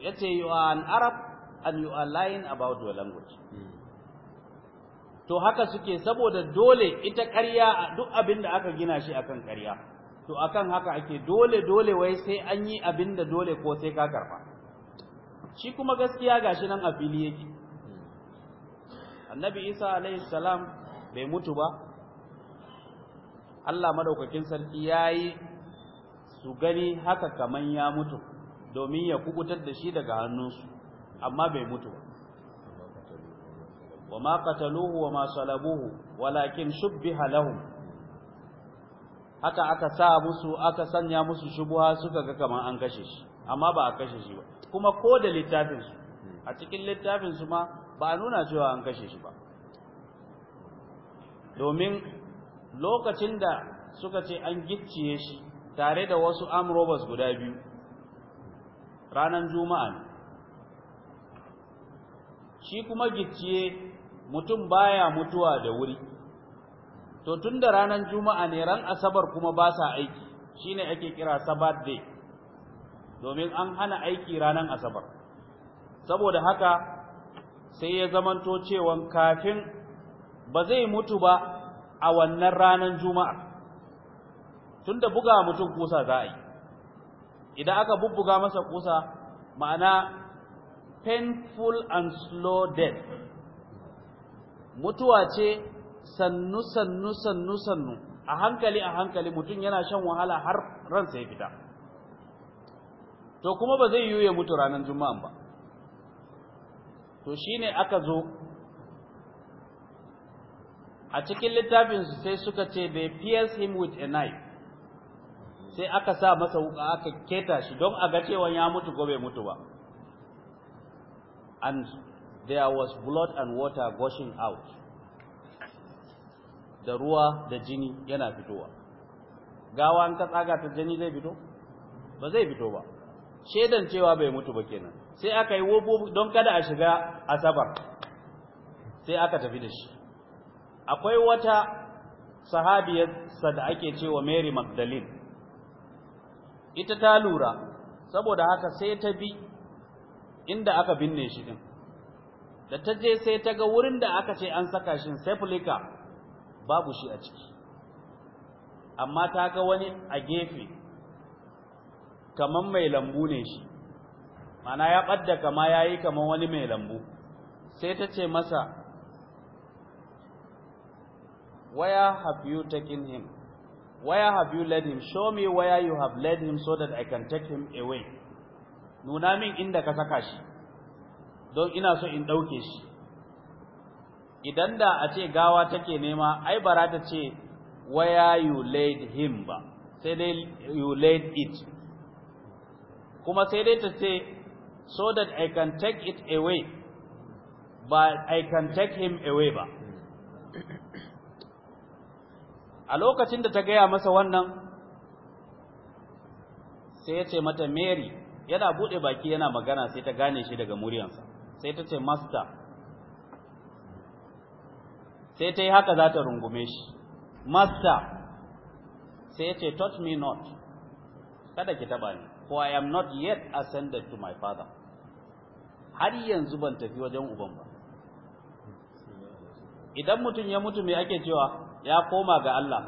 yace you are an arab and you are lying about your language to haka suke saboda dole ita ƙarya duk abin da aka gina shi akan ƙarya to akan haka ake dole dole wai sai an yi abin da dole ko sai ka karba shi kuma gaskiya gashi nan a fili yake annabi isa alayhi salam bai mutu ba Allah madaukakin sarki yayi su gani haka kaman ya mutu domin ya kubutar da shi daga hannunsu amma bai mutu ba wa ma qataluhu wa ma salabuhu walakin shubbiha lahum haka aka sa musu aka sanya musu shubuha suka ga kaman an kashe shi amma ba a kashe shi ba kuma ko da littafin su a cikin littafin su ma ba a nuna cewa an kashe shi ba domin lokacin da suka ce an gicciye shi tare da wasu amrobas guda biyu ranan juma'a ne shi kuma gicciye mutum baya mutuwa da wuri to tunda ranan juma'a ne ran asabar kuma ba sa aiki shine ake kira sabat day domin an hana aiki ranan asabar saboda haka sai ya zamanto cewa kafin ba zai mutu ba a wannan ranan juma'a tunda buga mutum kusa za a yi idan aka bubbuga masa kusa ma'ana painful and slow death mutuwa ce sannu sannu sannu sannu a hankali a hankali mutum yana shan wahala har ransa ya fita to kuma ba zai yiwu ya mutu ranar juma'an ba to shine aka zo a cikin littafinsu sai suka ce they pierce him with a knife sai aka sa masa wuka aka keta shi don a ga cewa ya mutu ko bai mutu ba and there was blood and water gushing out da ruwa da jini yana fitowa gawa an ka tsaga ta jini zai fito ba zai fito ba shedan cewa bai mutu ba kenan sai aka yi wobo don kada a shiga asabar sai aka tafi da shi akwai wata sahabiyar sa da ake cewa Mary Magdalene ita ta lura saboda haka sai ta bi inda aka binne shi din da ta je sai ta ga wurin da aka ce an saka shi sepulika babu shi a ciki amma ta ga wani a gefe kaman mai lambu ne shi mana ya badda kama yayi kaman wani mai lambu sai ta ce masa waya have you taken him where have you led him show me where you have led him so that I can take him away nuna min inda ka saka shi don ina so in dauke shi idan da a ce gawa take nema ai bara ta ce where you laid him ba sai dai you laid it kuma sai dai ta ce so that I can take it away but I can take him away ba a lokacin da ta gaya masa wannan sai ya ce mata Mary yana buɗe baki yana magana sai ta gane shi daga muryansa sai ta ce master sai ta yi haka za ta rungume shi master sai ya ce touch me not kada ki taba ni for I am not yet ascended to my father har yanzu ban tafi wajen uban ba idan mutum ya mutu me ake cewa ya koma ga Allah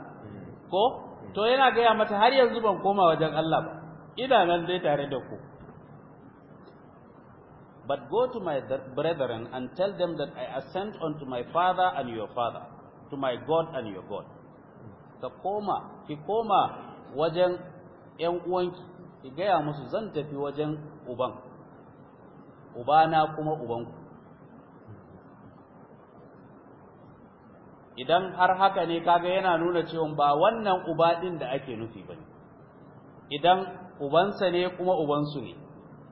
ko to yana gaya mata har yanzu ban koma wajen Allah ba ina nan tare da ku but go to my brethren and tell them that I ascent unto my father and your father to my God and your God ka koma ki koma wajen 'yan uwanki ki gaya musu zan tafi wajen uban ubana kuma ubanku idan har haka ne kaga yana nuna cewa ba wannan uba din da ake nufi bane idan ubansa ne kuma ubansu ne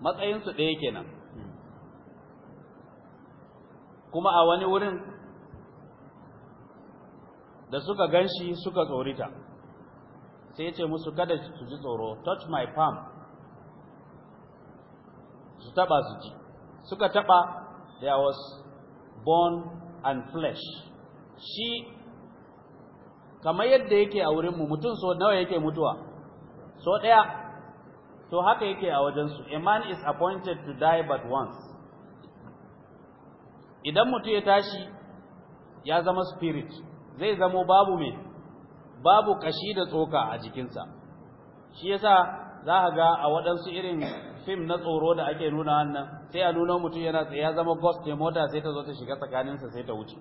matsayinsu ɗaya kenan kuma a wani wurin da suka ganshi suka tsorita sai ya ce musu kada su ji tsoro touch my palm su taba su ji suka taba there was bone and flesh shi kamar yadda yake a wurinmu mutum so nawa yake mutuwa so ɗaya to haka yake a wajensu a man is appointed to die but once idan mutum ya tashi ya zama spirit zai zamo babu mai babu kashi da tsoka a jikinsa shi yasa za a ga a waɗansu irin fim na tsoro da ake nuna wannan sai a nuna mutum yana tsaye ya zama ghost ne mota sai ta zo ta shiga tsakaninsa sai ta wuce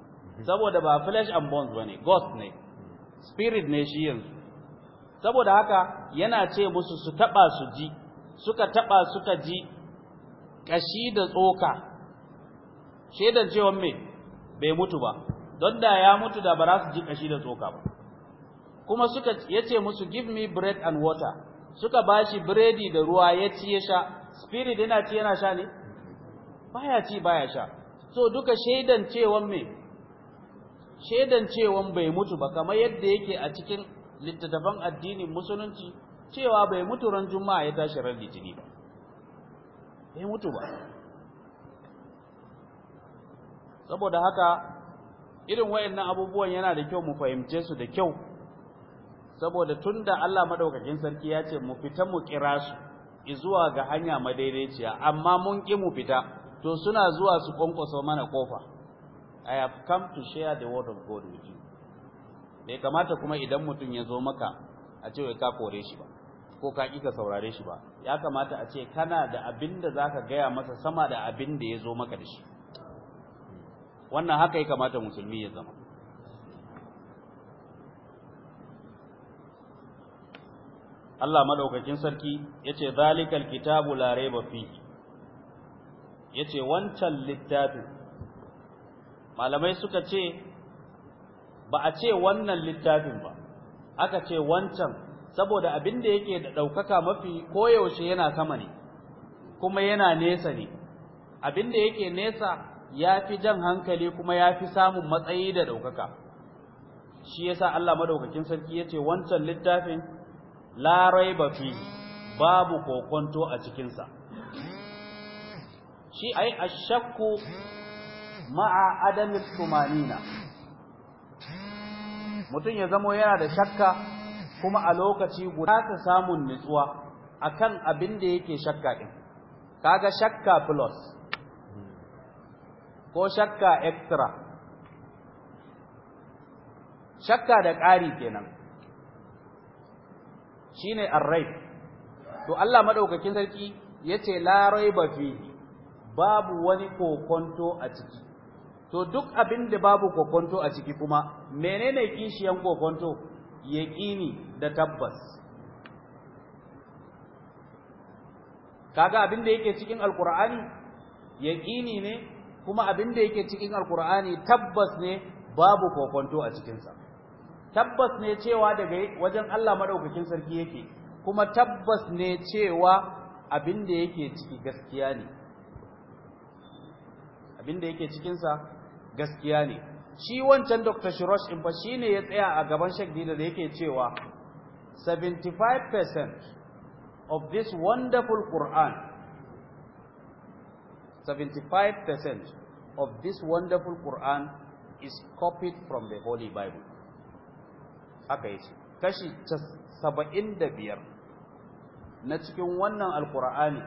saboda ba flesh and bones ba ne, ghost ne spirit ne shi yanzu saboda haka yana ce musu su taba su ji suka taba suka ji kashi da tsoka shedan cewa me bai mutu ba don da ya mutu da ba za su ji kashi da tsoka ba kuma suka yace musu give me bread and water suka bashi biredi da ruwa ya ci ya sha spirit yana ci yana sha ne baya ci baya sha so duka shaidan cewan me shaidan cewa bai mutu ba kamar yadda yake a cikin littattafan addinin musulunci cewa bai mutu ran juma'a ya tashi ran litini ba bai mutu ba saboda haka irin wayannan abubuwan yana da kyau mu fahimce su da kyau saboda tunda Allah madaukakin sarki ya ce mu fita mu kira su zuwa ga hanya madaidaiciya amma mun ki mu fita to suna zuwa su kwankwaso mana kofa I have come to share the word of God with you bai kamata kuma idan mutum ya zo maka a ce wai ka kore shi ba ko ka ƙi ka saurare shi ba ya kamata a ce kana da abin da za ka gaya masa sama da abin da ya zo maka da shi wannan haka ya kamata musulmi ya zama Allah madaukakin sarki yace zalikal kitabu la raiba fihi yace wancan littafin malamai suka ce ba a ce wannan littafin ba aka ce wancan saboda abin da yake da ɗaukaka mafi koyaushe yana sama ne kuma yana nesa ne abin da yake nesa ya fi jan hankali kuma ya fi samun matsayi da ɗaukaka shi yasa Allah madaukakin sarki yace wancan littafin la raiba fi babu kokonto a cikinsa shi ai ashakku ma'a adami tumanina mutum ya zamo yana da shakka kuma a lokaci guda ka samun nutsuwa akan abin da yake shakka din kaga shakka plus ko shakka extra shakka da ƙari kenan shine ar-raib to Allah madaukakin sarki yace la raiba fihi babu wani kokonto a ciki to duk abin da babu kokonto a ciki kuma menene kishiyan kokonto yaqini da tabbas kaga abin da yake cikin alqur'ani yaqini ne kuma abin da yake cikin alqur'ani tabbas ne babu kokonto a cikin sa tabbas ne cewa daga wajen Allah madaukakin sarki yake kuma tabbas ne cewa abin da yake ciki gaskiya ne abin da yake cikinsa gaskiya ne shi wancan Dr. Shirosh in fa shine ya tsaya a gaban Sheikh Dida da yake cewa 75% of this wonderful Quran 75% of this wonderful Quran is copied from the Holy Bible aka yace kashi 75 na cikin wannan alqur'ani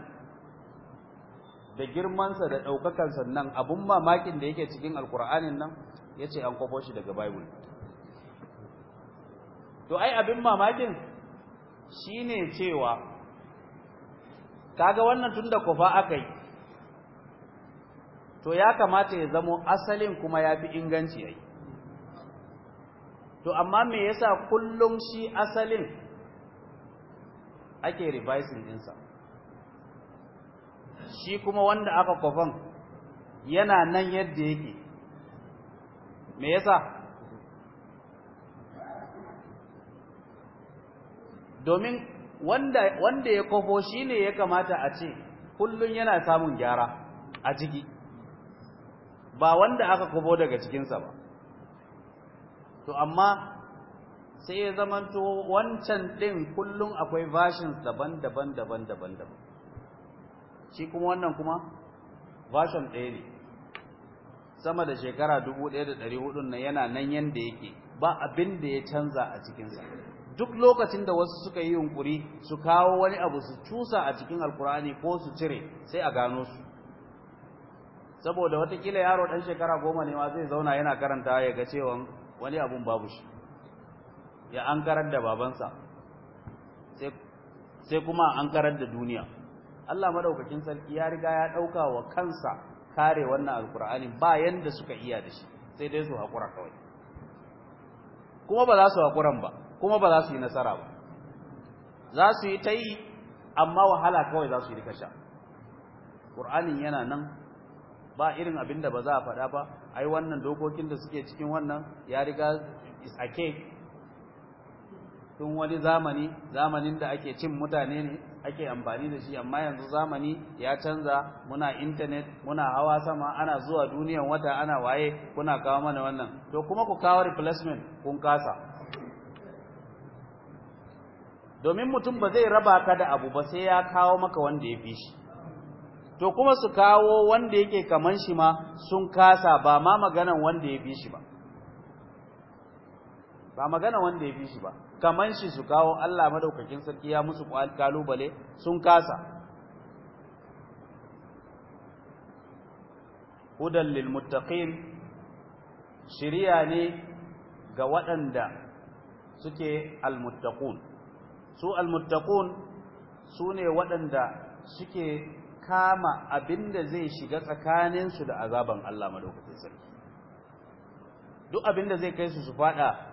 da girmansa da ɗaukakansa nan abun mamakin da yake cikin alkur'anin nan ya ce an kwafo shi daga bible to ai abin mamakin shi ne cewa kaga wannan tun da kwafa aka yi to ya kamata ya zamo asalin kuma ya fi inganci ya yi, to amma me yasa kullum shi asalin ake revising ɗinsa shi kuma wanda aka kwafan yana nan yadda yake me yasa domin wanda wanda ya kwafo shine ya kamata a ce kullun yana samun gyara a ciki ba wanda aka kwafo daga cikinsa ba to amma sai ya zamanto wancan ɗin kullum akwai versions daban-daban daban-daban daban shi kuma wannan kuma version ɗaya ne sama da shekara 1400 na yana nan yanda yake ba abin da ya canza a cikinsa duk lokacin da wasu suka yi yunkuri su kawo wani abu su cusa a cikin alkur'ani ko su cire sai a gano su saboda watakila yaro ɗan shekara goma ne ma zai zauna yana karanta ya ga cewa wani abun babu shi ya an karar da babansa sai kuma an karar da duniya Allah madaukakin sarki ya riga ya dauka wa kansa kare wannan alqur'ani ba yanda suka iya da shi sai dai su hakura kawai kuma ba za su hakuran ba kuma ba za su yi nasara ba za su yi ta amma wahala kawai za su yi rikasha qur'anin yana nan ba irin abin da ba za a faɗa ba ai wannan dokokin da suke cikin wannan ya riga is a tun wani zamani zamanin da ake cin mutane ne ake amfani da shi amma yanzu zamani ya canza muna internet muna hawa sama ana zuwa duniyan wata ana waye kuna kawo mana wannan to kuma ku kawo replacement kun kasa domin mutum ba zai raba ka da abu ba sai ya kawo maka wanda ya fi shi to kuma su kawo wanda yake kaman shi ma sun kasa ba ma maganan wanda ya fi shi ba ba magana wanda ya fi shi ba kaman shi su kawo Allah madaukakin sarki ya musu kalubale sun kasa hudan lil muttaqin shiriya ne ga waɗanda suke muttaqun su almuttaqun su ne waɗanda suke kama abinda zai shiga tsakaninsu da azaban Allah madaukakin sarki duk abinda zai kai su su fada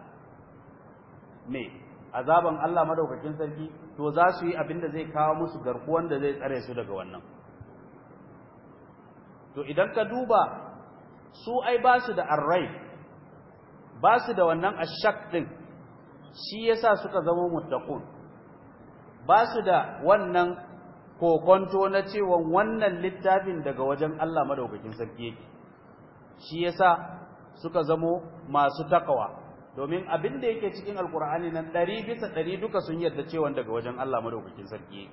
me azaban Allah madaukakin sarki to za su yi da zai kawo musu garkuwan da zai tsare su daga wannan to idan ka duba su ai ba su da arrai ba su da wannan ashak din shi yasa suka zama muttaqun ba su da wannan kokonto na cewa wannan littafin daga wajen Allah madaukakin sarki yake shi yasa suka zamo masu takawa domin abin da yake cikin alkur'ani nan ɗari bisa ɗari duka sun yarda cewa daga wajen Allah madaukakin sarki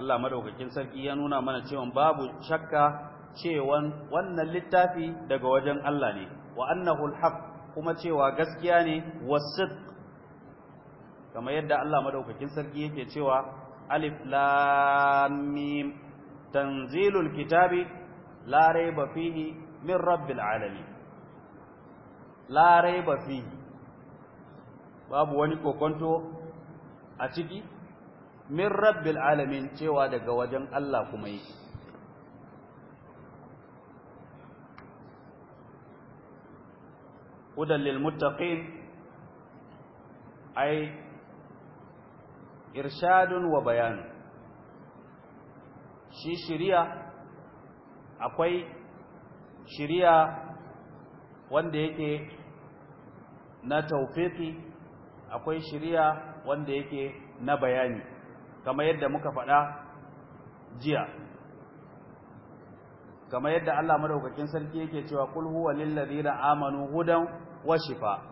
Allah madaukakin sarki ya nuna mana cewa babu shakka cewa wannan littafi daga wajen Allah ne wa annahu alhaq kuma cewa gaskiya ne wasidq kamar yadda Allah madaukakin sarki yake cewa alif lam mim tanzilul kitabi la raiba fihi min rabbil alamin la raiba fihi babu wani kokonto a ciki min rabbil alamin cewa daga wajen Allah kuma yake hudan lil muttaqin ay irshadun wa bayan shi shiriya akwai shiriya wanda yake na taufiki akwai shiriya wanda yake na bayani kama yadda muka faɗa jiya kama yadda Allah madaukakin sarki yake cewa kul huwa lil ladina amanu hudan wa shifa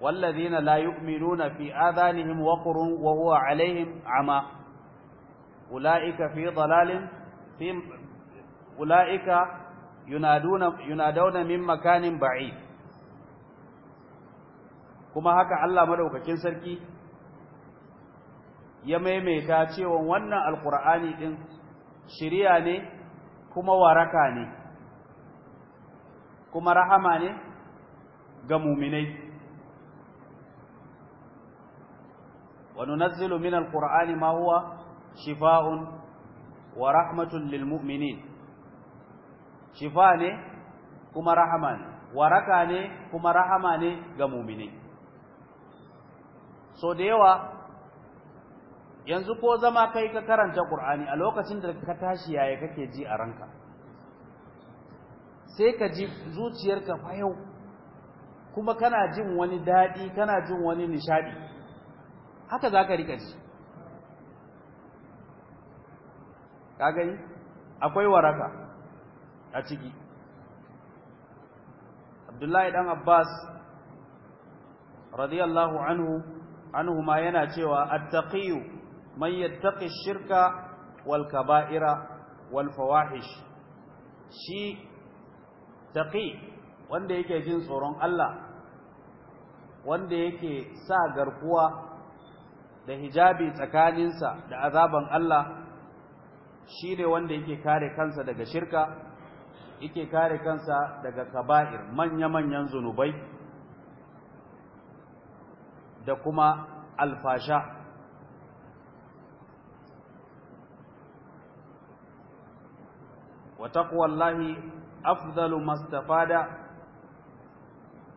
wal ladina la yu'minuna fi adanihim qurun wa huwa alaihim ama ulaika fi dalalin fi ulaika yunaduna yunaduna min makanin ba'id kuma haka Allah madaukakin sarki ya maimaita cewa wannan alqur'ani din shiriya ne kuma waraka ne kuma rahama ne ga mu'minai min alqur'ani ma huwa هو wa rahmatun lilmu'minin shifa ne kuma rahama ne waraka ne kuma rahama ne ga muminai? so da yawa yanzu ko zama kai ka karanta Qur'ani a lokacin da ka tashi yaya kake ji a ranka sai ka ji zuciyarka fayau kuma kana jin wani dadi kana jin wani nishadi haka zaka rika ji ka gani akwai waraka a ciki abdullahi dan abbas radiyallahu anhu anhu ma yana cewa attaqiyu man yattaqi shirka wal kaba'ira wal fawahish shi taqi wanda yake jin tsoron Allah wanda yake sa garkuwa da hijabi tsakaninsa da azaban Allah shi ne wanda yake kare kansa daga shirka yake kare kansa daga kaba'ir manya-manyan zunubai da kuma alfasha wa taqwallahi afdalu mastafada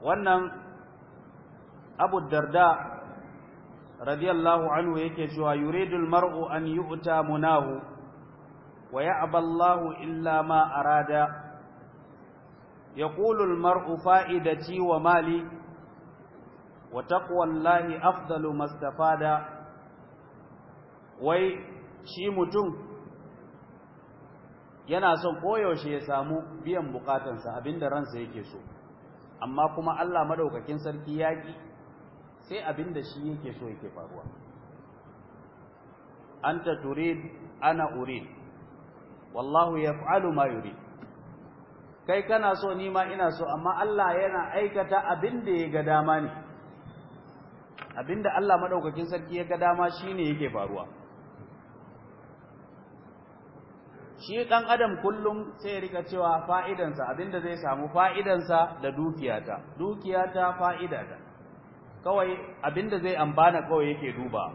wannan abu darda radiyallahu anhu yake cewa yuridul mar'u an yu'ta munahu wa ya'ballahu illa ma arada يقول المرء فائدتي ومالي وتقوى الله أفضل ما استفاد وي شي متون yana son koyaushe ya samu biyan bukatansa abinda ransa yake so amma kuma Allah madaukakin sarki yaki sai abinda shi yake so yake faruwa anta turid ana urid wallahu yaf'alu ma yurid kai kana so ni ma ina so amma Allah yana aikata abin da ya ga dama ne abin da Allah madaukakin sarki ya ga dama shine yake faruwa shi dan adam kullum sai ya rika cewa fa'idansa da zai samu fa'idansa da dukiyata dukiyata fa'idata kawai abin da zai ambana kawai yake duba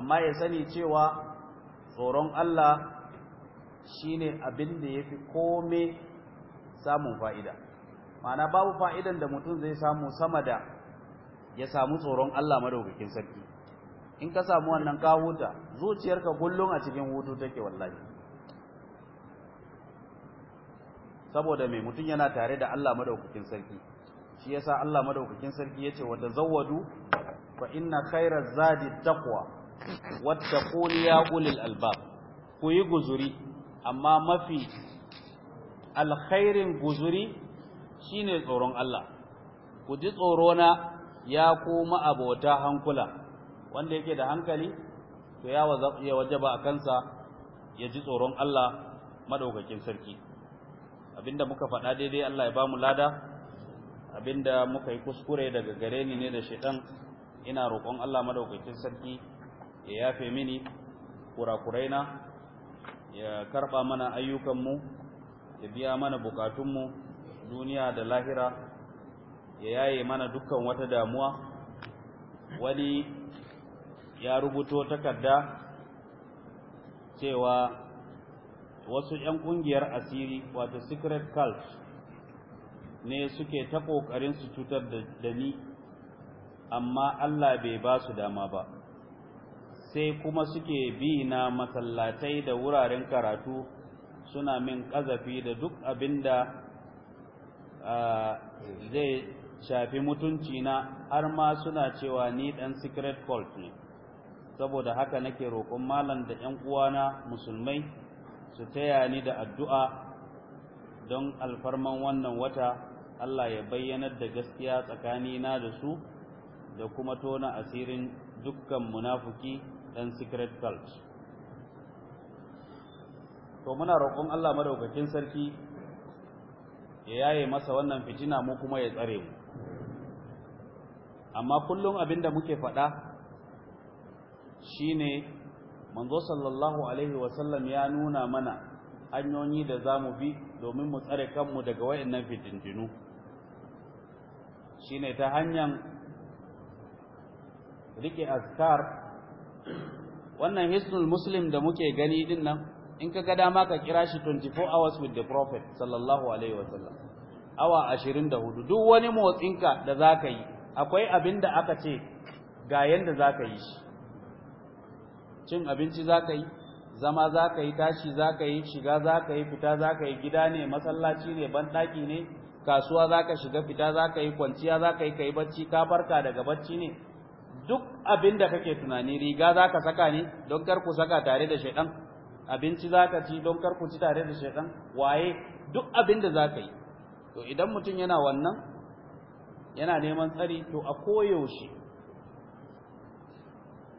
amma ya sani cewa tsoron Allah shine abin da yafi kome samun fa'ida ma'ana babu fa'idan da mutum zai samu sama da ya samu tsoron Allah madaukakin sarki in ka samu wannan kawuta zuciyarka kullum a cikin hutu take wallahi saboda mai mutum yana tare da Allah madaukakin sarki shi yasa Allah madaukakin sarki yace wa tazawwadu fa inna khairaz zadi taqwa wattaquni ya ulil albab ku yi guzuri amma mafi alkhairin guzuri shine tsoron Allah ku ji tsoro na ya kuma abota hankula wanda yake da hankali to ya wajaba a kansa ya ji tsoron Allah madaukakin sarki abinda muka faɗa daidai Allah ya bamu lada abinda muka yi kuskure daga gare ni ne da shedan ina roƙon Allah madaukakin sarki ya yafe mini kurakuraina ya karɓa mana ayyukanmu ya biya mana bukatunmu duniya da lahira ya yaye mana dukkan wata damuwa wani ya rubuto takarda cewa wasu 'yan kungiyar asiri wato secret cult ne suke ta ƙoƙarin su cutar da ni amma Allah bai ba su dama ba sai kuma suke bi na masallatai da wuraren karatu suna min ƙazafi da duk abin da zai shafi mutunci na har ma suna cewa ni ɗan secret cult ne saboda haka nake roƙon malam da 'yan uwana musulmai su taya ni da addu'a don alfarman wannan wata Allah ya bayyanar da gaskiya tsakanina da su da kuma tona asirin dukkan munafuki ɗan secret cult to muna roƙon Allah madaukakin sarki ya yaye masa wannan fitina mu kuma ya tsare mu amma kullum da muke faɗa shine manzo sallallahu alaihi wasallam ya nuna mana hanyoyi da zamu bi domin mu tsare kanmu daga wayannan fitintinu shine ta hanyar rike azkar wannan hisnul muslim da muke gani din nan in ka ga dama ka kira shi 24 hours with the prophet sallallahu alaihi wa sallam, awa 24 duk wani motsin ka da zaka yi akwai abin da aka ce ga yanda zaka yi shi cin abinci zaka yi zama zaka yi tashi zaka yi shiga zaka yi fita zaka yi gida ne masallaci ne banɗaki ne kasuwa zaka shiga fita zaka yi kwanciya zaka yi kai bacci ka farka daga bacci ne duk abin da kake tunani riga zaka saka ne don kar ku saka tare da shaytan abinci za ka ci don kar ku ci tare da shekan waye duk abin da za ka yi to idan mutum yana wannan yana neman tsari to a koyaushe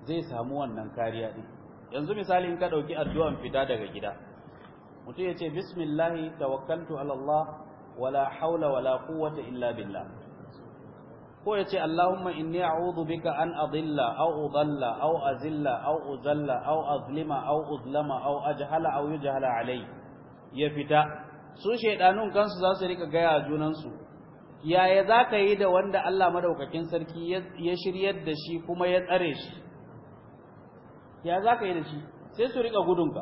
zai samu wannan kariya ɗin. yanzu misali in ka ɗauki addu'an fita daga gida mutum yace "Bismillahi tawakkaltu ala Allah wala haula wala quwwata illa billah ko ya ce Allahumma inni a'udhu bika an adilla aw udalla aw azilla aw uzalla aw azlima aw uzlama aw ajhala aw yujhala alai ya fita su shaidanun kansu za su rika gaya junansu yaya za ka yi da wanda Allah madaukakin sarki ya shiryar da shi kuma ya tsare shi ya za yi da shi sai su rika gudunka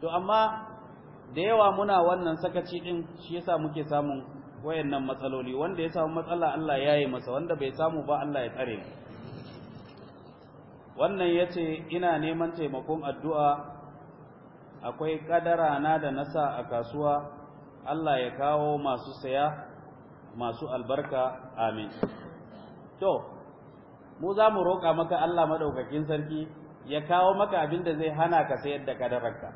to amma da yawa muna wannan sakaci din shi yasa muke samun wayannan matsaloli wanda ya samu matsala Allah ya yi masa wanda bai samu ba Allah ya tsare mu wannan yace ina neman taimakon addu'a akwai kadara na da nasa a kasuwa Allah ya kawo masu saya masu albarka amin to mu za mu roƙa maka Allah madaukakin sarki ya kawo maka abin da zai hana ka sayar da kadararka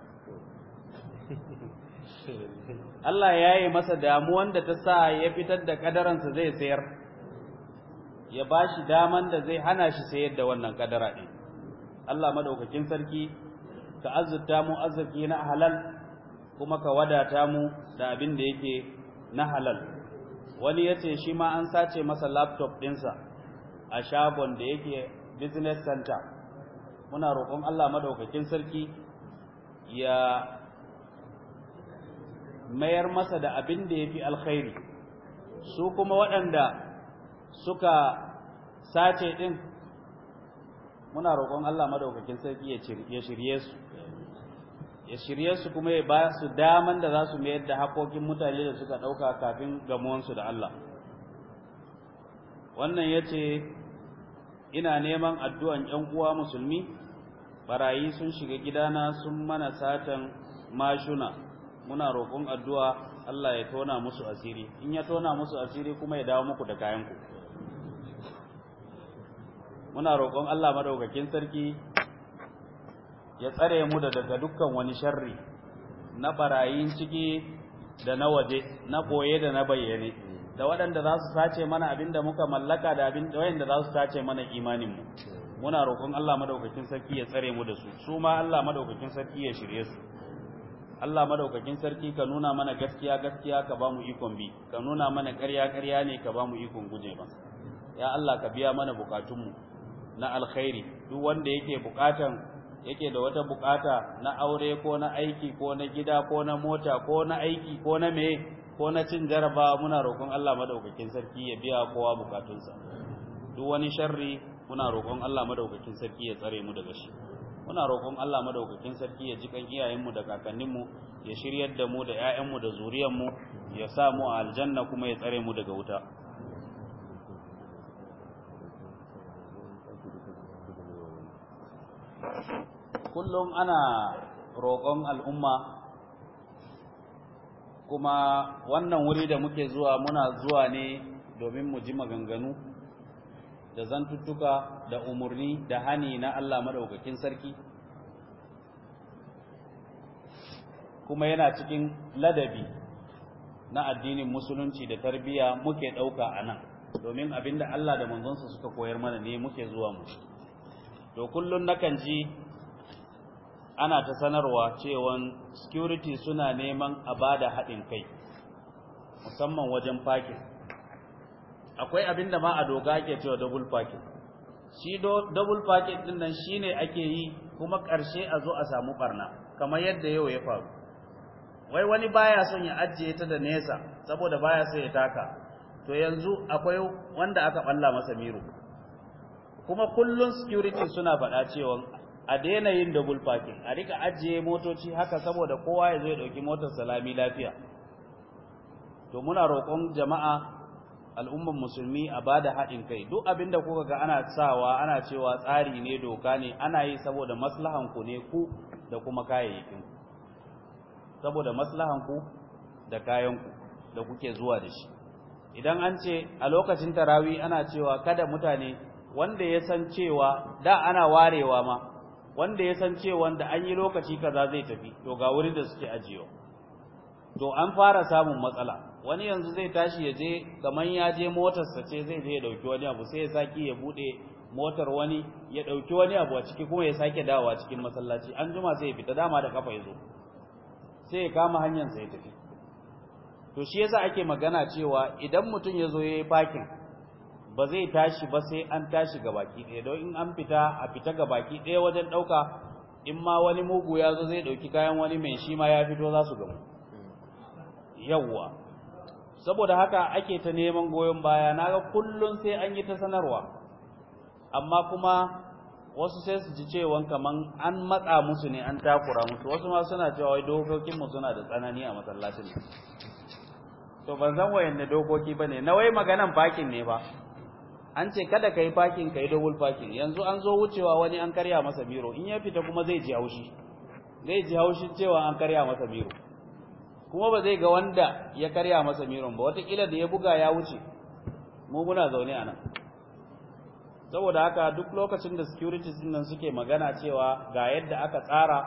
[laughs] Allah ya yi masa damuwan da ta sa ya fitar da kadaransa zai sayar ya ba shi daman da zai hana shi sayar da wannan kadara ɗin Allah madaukakin sarki ka azurta mu arziki na halal kuma ka wadata mu da abin da yake na halal wani ya ce shi ma an sace masa laptop ɗinsa a shagon da yake business center muna roƙon Allah maɗaukakin sarki ya mayar masa da abin da ya fi alkhairi su kuma waɗanda suka sace ɗin? muna roƙon Allah madaukakin sarki ya shirye su ya shirye su kuma ya ba su daman da za su mayar da haƙoƙin mutane da suka ɗauka kafin gamuwansu da Allah wannan ya ce ina neman addu'an ‘yan uwa musulmi barayi sun shiga gidana sun mana satan mashuna muna roƙon addu'a Allah ya tona musu asiri in ya tona musu asiri kuma ya dawo muku da kayanku muna roƙon Allah madaukakin sarki ya tsare mu daga dukkan wani sharri na barayin ciki da na waje na koye da na bayyane da waɗanda za su sace mana abin da muka mallaka da abin da waɗanda za su sace mana imaninmu muna roƙon Allah madaukakin sarki ya tsare mu da su su ma Allah madaukakin sarki ya shirye su Allah madaukakin sarki ka nuna mana gaskiya gaskiya ka ba mu ikon bi ka nuna mana ƙarya ƙarya ne ka ba mu ikon guje ba ya Allah ka biya mana bukatunmu na alkhairi duk wanda yake bukatan yake da wata bukata na aure ko na aiki ko na gida ko na mota ko na aiki ko na me ko na cin jaraba muna roƙon Allah madaukakin sarki ya biya kowa bukatunsa duk wani sharri muna roƙon Allah madaukakin sarki ya tsare mu daga shi muna roƙon Allah madaukakin sarki ya ji kan iyayenmu da kakanninmu ya shiryar da mu da ƴaƴanmu da zuriyarmu ya sa mu a aljanna kuma ya tsare mu daga wuta kullum ana roƙon al'umma kuma wannan wuri da muke zuwa muna zuwa ne domin mu ji maganganu da zantuttuka da umarni da hani na Allah madaukakin sarki kuma yana cikin ladabi na addinin musulunci da tarbiya muke ɗauka a nan domin abinda Allah da manzonsa suka koyar mana ne muke zuwa mu to kullun nakan ji ana ta sanarwa cewa security suna neman a bada haɗin kai musamman wajen pakin akwai abin da ma a doga ake cewa double packet shi double packet din nan shine ake yi kuma ƙarshe a zo a samu ɓarna. kamar yadda yau ya faru wai wani baya son ya ajiye ta da nesa saboda baya so ya taka to yanzu akwai wanda aka ɓalla masa miro kuma kullum security suna faɗa cewa a daina yin double parking a rika ajiye motoci haka saboda kowa ya zo ya dauki motar salami lafiya to muna roƙon jama'a al'umman musulmi a ba da haɗin kai duk abin da kuka ga ana sawa ana cewa tsari ne doka ne ana yi saboda maslahanku ne ku da kuma kayayyakin saboda maslahanku da kayan da kuke zuwa da shi idan an ce a lokacin tarawi ana cewa kada mutane wanda ya san cewa da ana warewa ma wanda ya san cewa da an yi lokaci kaza zai tafi to ga wurin da suke ajiyo to an fara samun matsala wani yanzu zai tashi ya je kamar ya je motarsa ce zai je ya dauki wani abu sai ya saki ya bude motar wani ya dauki wani abu a ciki kuma ya sake dawowa cikin masallaci an juma sai ya fita dama da kafa ya zo sai ya kama hanyar sai ya tafi to shi yasa ake magana cewa idan mutum ya zo yayi parking ba zai tashi ba sai an tashi ga baki ɗaya don in an fita a fita ga baki ɗaya wajen ɗauka in ma wani mugu ya zo zai ɗauki kayan wani mai shi ma ya fito za su gamu hmm. yawwa saboda haka ake ta neman goyon baya na ga kullun sai an yi ta sanarwa amma kuma wasu sai su ji cewa kaman an matsa musu ne an takura musu wasu ma suna cewa wai dokokin mu suna da tsanani a masallacin to ban san wayanne dokoki bane na wai maganan bakin ne ba an ce kada kai bakin kai double bakin yanzu an zo wucewa wani an karya masa biro in ya fita kuma zai ji haushi zai ji haushi cewa an karya masa biro kuma ba zai ga wanda ya karya masa miron ba watakila da ya buga ya wuce mu muna zaune a nan saboda haka duk lokacin da securities nan suke magana cewa ga yadda aka tsara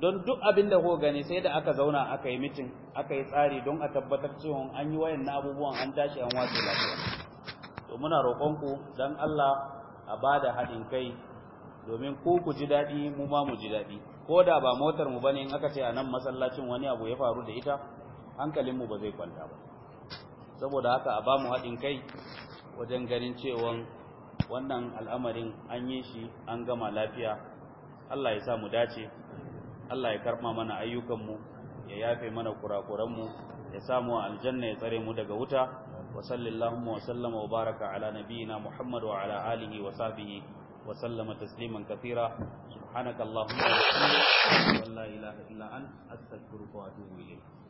don duk abin da kuka gani sai da aka zauna aka yi mitin aka yi tsari don a tabbatar cewa an yi wayan abubuwan an tashi an wace lafiya to muna roƙonku don Allah a bada haɗin kai domin ku ku ji daɗi mu ma mu ji daɗi ko da ba motar mu bane in aka ce a nan masallacin wani abu ya faru da ita hankalin mu ba zai kwanta ba saboda haka a bamu haɗin kai wajen ganin cewa wannan al'amarin an yi shi an gama lafiya Allah ya sa mu dace Allah ya karma mana ayyukan mu ya yafe mana kurakuranmu ya samu aljanna ya tsare mu daga wuta wa sallallahu wa sallama wa baraka ala nabiyyina Muhammad wa ala alihi wa sahbihi وسلم تسليما كثيرا سبحانك اللهم وبحمدك لا اله الا انت استغفرك واتوب اليك